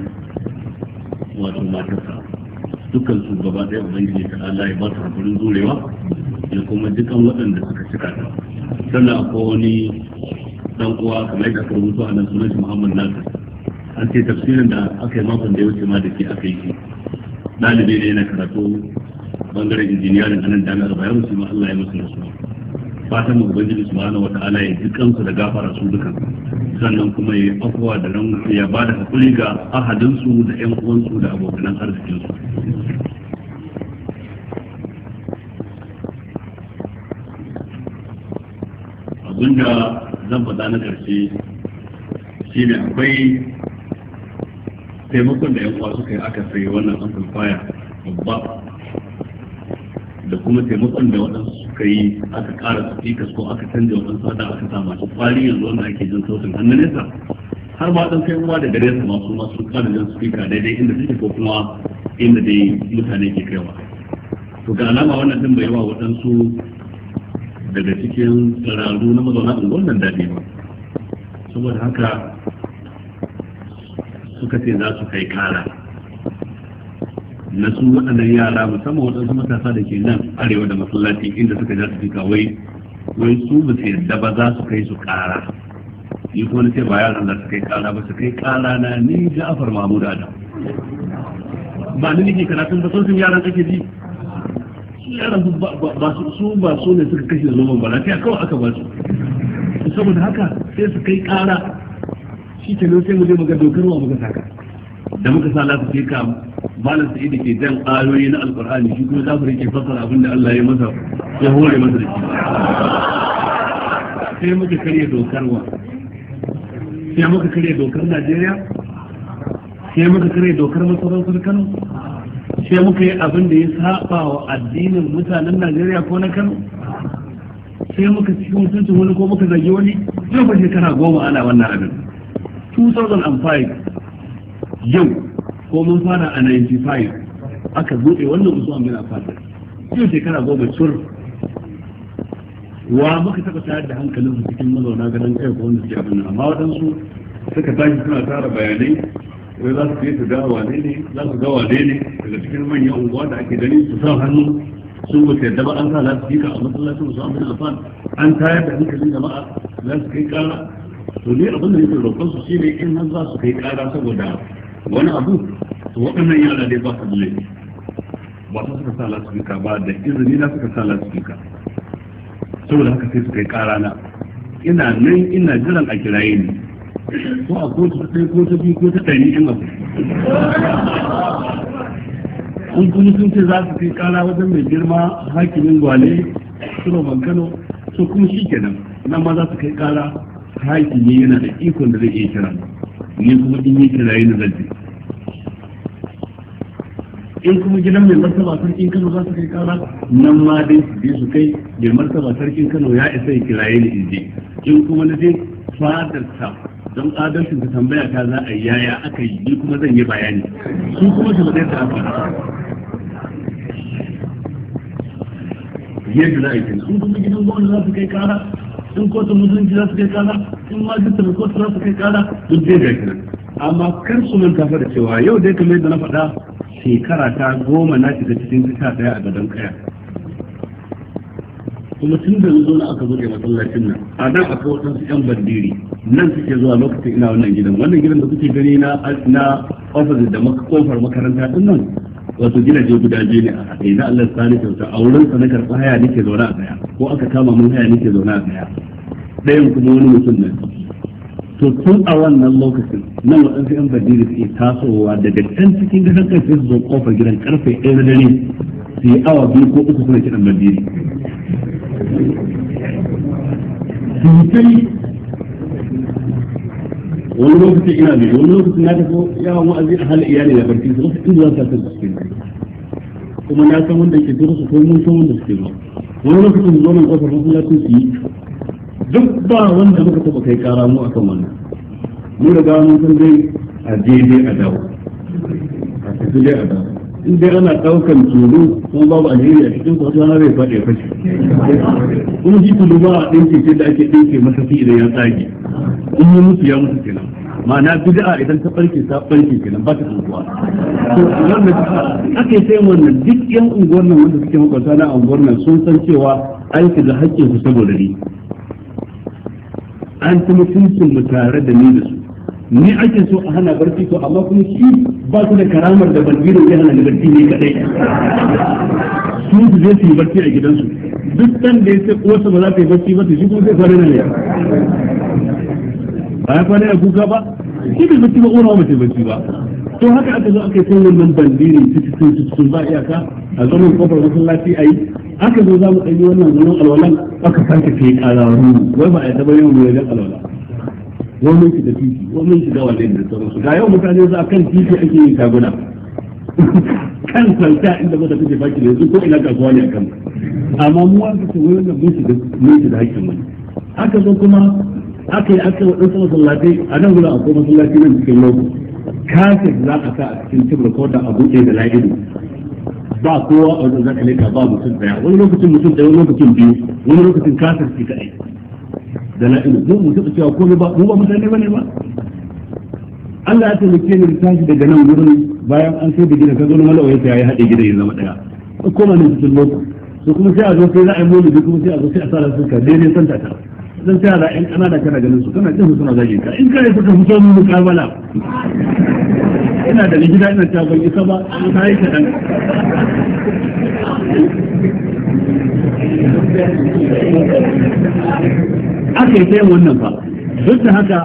wato matarsa dukkan su gaba ɗaya ubangiji ta Allah ya ba su hakurin zurewa da kuma dukkan waɗanda suka cika ta sannan akwai wani dan uwa kamar yadda aka rubuta a nan sunan shi Muhammad Nasir an ce tafsirin da aka yi makon da ya wuce ma da ke aka yi Dalibi ne na karatu bangaren injiniyarin da nan jami'ar bayan musulman Allah ya musu rasu fatan mu ubangiji subhanahu wata'ala ya su da gafara su dukan sannan kuma ya afuwa da ran ya ba da hakuri ga ahadinsu da yan su da abokanan arzikinsu abinda zan faɗa na ƙarshe shine akwai taimakon da yan uwa suka yi aka sai wannan amplifier babba da kuma taimakon da waɗansu suka yi aka ƙara speakers ko aka canja waɗansu hada aka sa masu ƙwari yanzu wanda ake jin sautin hannun nesa har ma ɗan kai uwa da gare su masu masu ƙara jan speaker daidai inda suke ko kuma inda dai mutane ke kaiwa to ga alama wannan din bai wa waɗansu daga cikin tsararru na mazauna unguwar nan daɗi ba saboda haka suka ce za su kai kara na su waɗannan yara musamman waɗansu matasa da ke nan arewa da masallaci inda suka za su fi wai wai su ba su yadda ba za su kai su kara yi kuma na ce ba yaran da su kai kara ba su kai kara na ni ja'afar mahmud adam ba ni nake karatun ba sun sun yaran ake ji yaran ba su ba su ne suka kashe zoban ba lafiya kawai aka ba su saboda haka sai su kai kara shi ke sai mu je mu ga wa muka saka da muka sa lafi ke kam malam sai da ke jan ayoyi na alqur'ani shi kuma zafiri ke fassara abinda Allah ya masa ya hore masa da shi sai muka karya wa sai muka karya dokar Najeriya sai muka karya dokar masarautar Kano sai muka yi abin da ya saba wa addinin mutanen Najeriya ko na Kano sai muka ci mutuncin wani ko muka zagi wani yau ba kana goma ana wannan abin 2005 yau ko mun fara a 95 aka buɗe wannan usu amina fata yau shekara goma cur wa muka taɓa tayar da hankalin su cikin mazauna ganin kai ko wanda suke abin amma waɗansu suka tashi suna tara bayanai wai za su je su ga ne ne za su ga ne ne daga cikin manyan unguwa da ake ganin su sa hannu sun wuce da ba an sa za su ka a masallacin su amina fata an tayar da hankalin jama'a za su kai kara to dai abin da nake roƙon su shine in nan za su kai ƙara saboda wani abu to waɗannan yara dai ba su da laifi ba su suka sa lasfika ba da izini na suka sa lasfika saboda haka sai su kai ƙara na ina nan ina jiran a kiraye ni ko a kotu ta ɗaya ko ta biyu ko ta ɗari in abu in kuma sun ce za su kai ƙara wajen mai girma hakimin gwale suna bankano so kuma shi kenan nan ma za su kai ƙara ne yana da ikon da zai iya kira ni kuma in yi kira yana zance in kuma gidan mai martaba sarkin kano za su kai kara nan ma dai su je su kai mai martaba sarkin kano ya isa ya kiraye ni inje in kuma na je fadar sa don adalcin ka tambaya ta za a yaya aka yi ni kuma zan yi bayani su kuma su bude ta aka yadda za a yi kenan in kuma gidan gwamnati za su kai kara in kotun musulunci za su kai kara in majalisar kotu za su kai kara duk dai ga kiran amma kar su manta fa da cewa yau dai kamar yadda na faɗa shekara ta goma na shiga cikin sha ɗaya a gadon kaya kuma tun da yanzu na aka buɗe masallacin nan a nan akwai waɗansu yan bandiri nan suke zuwa lokacin ina wannan gidan wannan gidan da kuke gani na na ofis da kofar makaranta din nan wato gidaje guda biyu ne a haɗe na Allah sani kyauta a wurin sa na karɓi haya nake zaune a tsaya ko aka kama mun haya nake zaune a tsaya ɗayan kuma wani mutum ne to tun a wannan lokacin nan waɗansu yan bandiri suke tasowa daga can cikin gidan kai su zo kofar gidan karfe ɗaya na dare su yi awa biyu ko uku suna kiɗan bandiri. Sai wani lokaci ina ne wani lokaci na tafi yawon wa'azi a halin iyali da barci su rasa inda za su tafi cikin kuma na san wanda ke tura su ko mun san wanda suke ba wani lokacin zo nan kofar masallacin su yi duk ba wanda muka taba kai kara mu akan wannan mu da gawa mun san dai a daidai a dawo a tafi dai a dawo in dai ana daukan tulu kuma babu alheri a cikin kwato na zai faɗi fashi kuma shi tulu ba a ɗinke ce da ake ɗinke masa fi idan ya tsage in yi musu ya musu kenan ma'ana bid'a idan ta farke ta farke kenan ba ta tsuwa to wannan da ake sai wannan duk yan unguwar nan wanda suke makwasa na unguwar nan sun san cewa aiki da haƙƙin ku saboda ni an kuma mutuncin mu tare da ni da su ni ake so a hana barci to amma kuma shi ba su da karamar da ban biro ya hana barci ne kadai su su je su yi barci a gidansu duk dan da ya ce kowace ba za ta yi barci ba ta shi kuma zai fara na ne ba ya fara na kuka ba shi bai barci ba ko ƙorawa mace barci ba to haka aka zo aka yi sun wannan bandirin cikin cikin ba iyaka a zaman kofar masallaci a yi aka zo za mu ɗanyi wannan zaman alwalan aka sake fi ƙararu wai ba a yi taɓa yin wajen alwala ko mun shiga titi ko mun shiga wannan da sauransu ga yau mutane za kan titi ake yin shaguna kan kwalta inda ba da kuke baki yanzu ko ina ka kasuwa a akan amma mu an kace wurin da mun shiga mun shiga hakkin mu haka zo kuma aka yi aka wadansu masallatai a nan gudan akwai masallaci nan cikin lokaci kafin za a sa a cikin tibir ko da abu ɗaya da la'idu ba kowa a wajen zaka leka ba mutum daya wani lokacin mutum daya wani lokacin biyu wani lokacin kasar shi kaɗai da la'ilu mu mu taɓa cewa komai ba mu ba mutane bane ba Allah ya taimake ni tashi daga nan wurin bayan an sai da gidan ka zo na malawa ya yi haɗe gidan ya zama ɗaya ko ma ne cikin lokaci so kuma sai a zo sai za a yi mulki kuma sai a zo sai a sa rasu ka daidai san ta dan sai ala in kana da kana ganin su kana jin su na zagin ka in kai suka fito mu mukabala ina da gida ina ta ban isa ba ta yi kadan aka yi sayan wannan fa duk da haka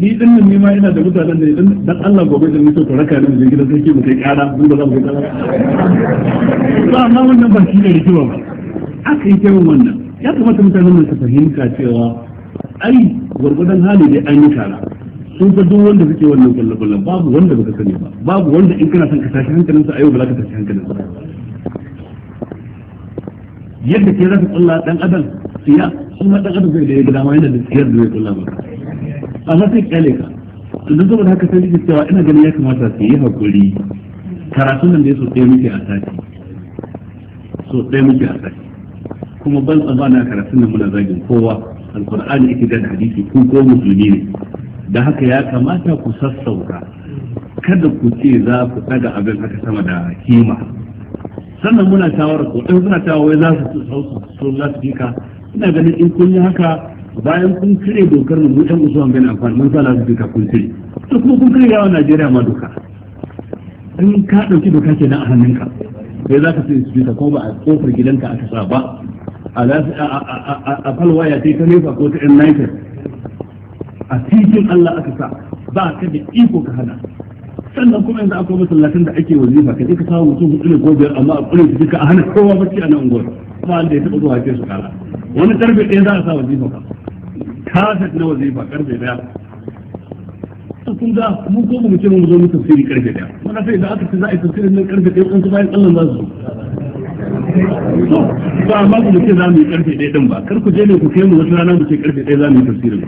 ni din nan nima ina da mutanen da idan dan Allah gobe da so to raka ne mu je gidan sarki mu kai kara mun ba za mu kai kara ba amma wannan ba shi ne rikima ba aka yi sayan wannan ya kamata mutanen nan su fahimta cewa ai gurgudan hali dai an yi kara sun fa duk wanda suke wannan kullu kullu babu wanda baka sani ba babu wanda in kana son ka tashi hankalin sa ayo ba za ka tashi hankalin sa yadda ke rafi Allah dan adam siya kuma dan adam zai da ya gida ma yana da siyar da zai kula ba amma sai kyale ka idan saboda haka sai nake cewa ina ganin ya kamata su yi hakuri karatun nan da ya so ɗaya muke a sati so ɗaya muke a sati kuma ban tsammanin karatun nan muna zagin kowa alkur'ani ake da hadisi ku ko musulmi ne da haka ya kamata ku sassauka kada ku ce za ku ɗaga abin haka sama da kima sannan muna shawarar ko ɗan suna cewa za su so za su fika ina ganin in kun yi haka bayan kun kire dokar mu mutan ɗan usuwan bin amfani mun sa lafi ka kun kire to kuma kun kire yawa najeriya ma doka in ka dauki doka kenan nan a hannunka sai za ka sai su ta ko ba a kofar gidanka aka sa ba a ya sai ta nefa ko ta ɗan naifin a cikin allah aka sa ba ka da iko ka hana sannan kuma yanzu akwai masallatan da ake wazifa ka je ka samu mutum hudu ne ko biyar amma a kure su duka a hana kowa bacci a nan unguwar kuma wanda ya taɓa zuwa ke su kara wani karfe ɗaya za a sa wazifa ba kaset na wazifa karfe ɗaya kun ga mun ko mu ce mun zo mu tafsiri karfe ɗaya mana sai da aka ce za a yi tafsiri na karfe ɗaya kun bayan Allah za su ba amma ku ce za mu yi karfe ɗaya din ba kar ku je ne ku kai mu wata rana mu ce karfe ɗaya za mu yi tafsiri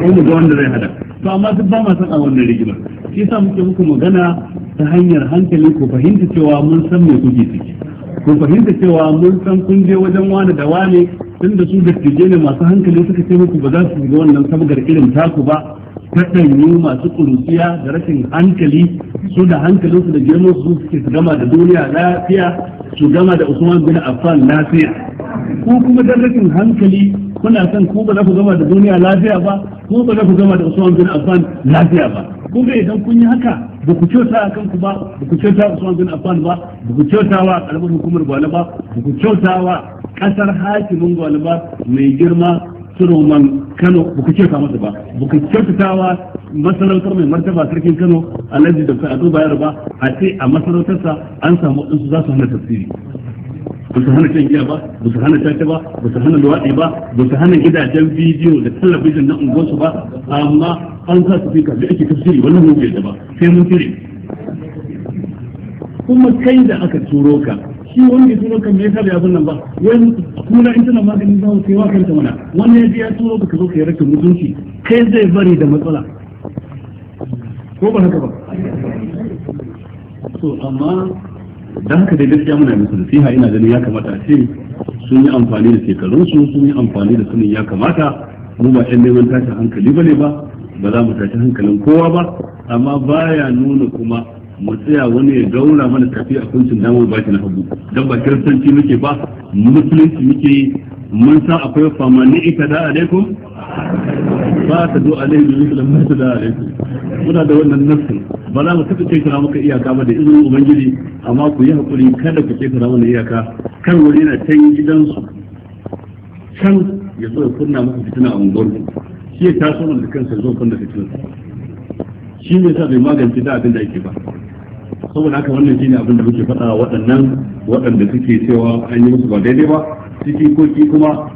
ko mu ga wanda zai hada to amma duk ba ma san a wannan rigimar shi yasa muke muku magana ta hanyar hankali ku fahimta cewa mun san me kuke ciki ku fahimta cewa mun san kun je wajen wani da wani tun su dattijai ne masu hankali suka ce muku ba za su ga wannan sabgar irin taku ba ta ɗanyi masu kuruciya da rashin hankali su da hankalinsu da girman su suke su gama da duniya lafiya su gama da usman bin affan lafiya ko kuma dan rashin hankali kuna son ko ba za ku gama da duniya lafiya ba ko ba za ku gama da usman bin affan lafiya ba ko ga idan kun yi haka ba ku kyauta a kanku ba ba ku kyauta usman bin affan ba ba ku kyauta wa karamar hukumar gwale ba ba ku kyauta wa kasar hakimin gwale ba mai girma su roman kano ba ku kyauta masa ba ba ku kyautatawa masarautar mai martaba sarkin kano alhaji da ado bayar ba a ce a masarautarsa an samu waɗansu za su hana tafsiri ba su hana shan giya ba ba su hana tace ba ba su hana luwaɗi ba ba su hana gidajen bidiyo da talabijin na unguwarsu ba amma an sa su fika da ake tafsiri wannan mun bai da ba sai mun tire kuma kai da aka turo ka shi wanda turo kan me yasa bai abin nan ba wani kuna in tana maganin zawo sai wa kanta mana wani ya biya ya turo ka zo ka yi rakin mutunci kai zai bari da matsala ko ba haka ba to amma da haka dai gaskiya muna musu nasiha ina ganin ya kamata a ce sun yi amfani da shekarunsu sun yi amfani da sunan ya kamata mu ba ɗan neman tashin hankali ba ne ba ba za mu tashi hankalin kowa ba amma baya nuna kuma mu tsaya wani ya gaura mana tafi a kuncin damar baki na hagu don ba kiristanci muke ba musulunci muke yi mun san akwai fama ni ita da alaikum ba ta zo alaikum da musulun ba ta da alaikum muna da wannan nafsin ba za mu taɓa kekara maka iyaka ba da izinin ubangiji amma ku yi haƙuri kada ku kekara mana iyaka kan wani na can gidansu can ya zo ya kunna maka fitina a unguwarku shi ya taso da kansa zo kunna fitina shi ne sa bai magance da abin da ake ba saboda haka wannan ne abin da muke faɗa waɗannan waɗanda suke cewa an yi musu ba daidai ba ciki ko ki kuma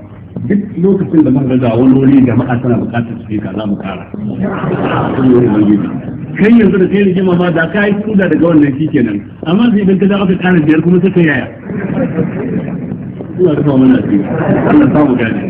duk lokacin da muka ga wani wuri ma'a tana buƙatar su ka za mu kara kai yanzu da kai rigima ma da ka yi kuda daga wannan shi kenan amma sai idan ka za aka ƙara biyar kuma sai ka yaya ya da mana ciki Allah samu gani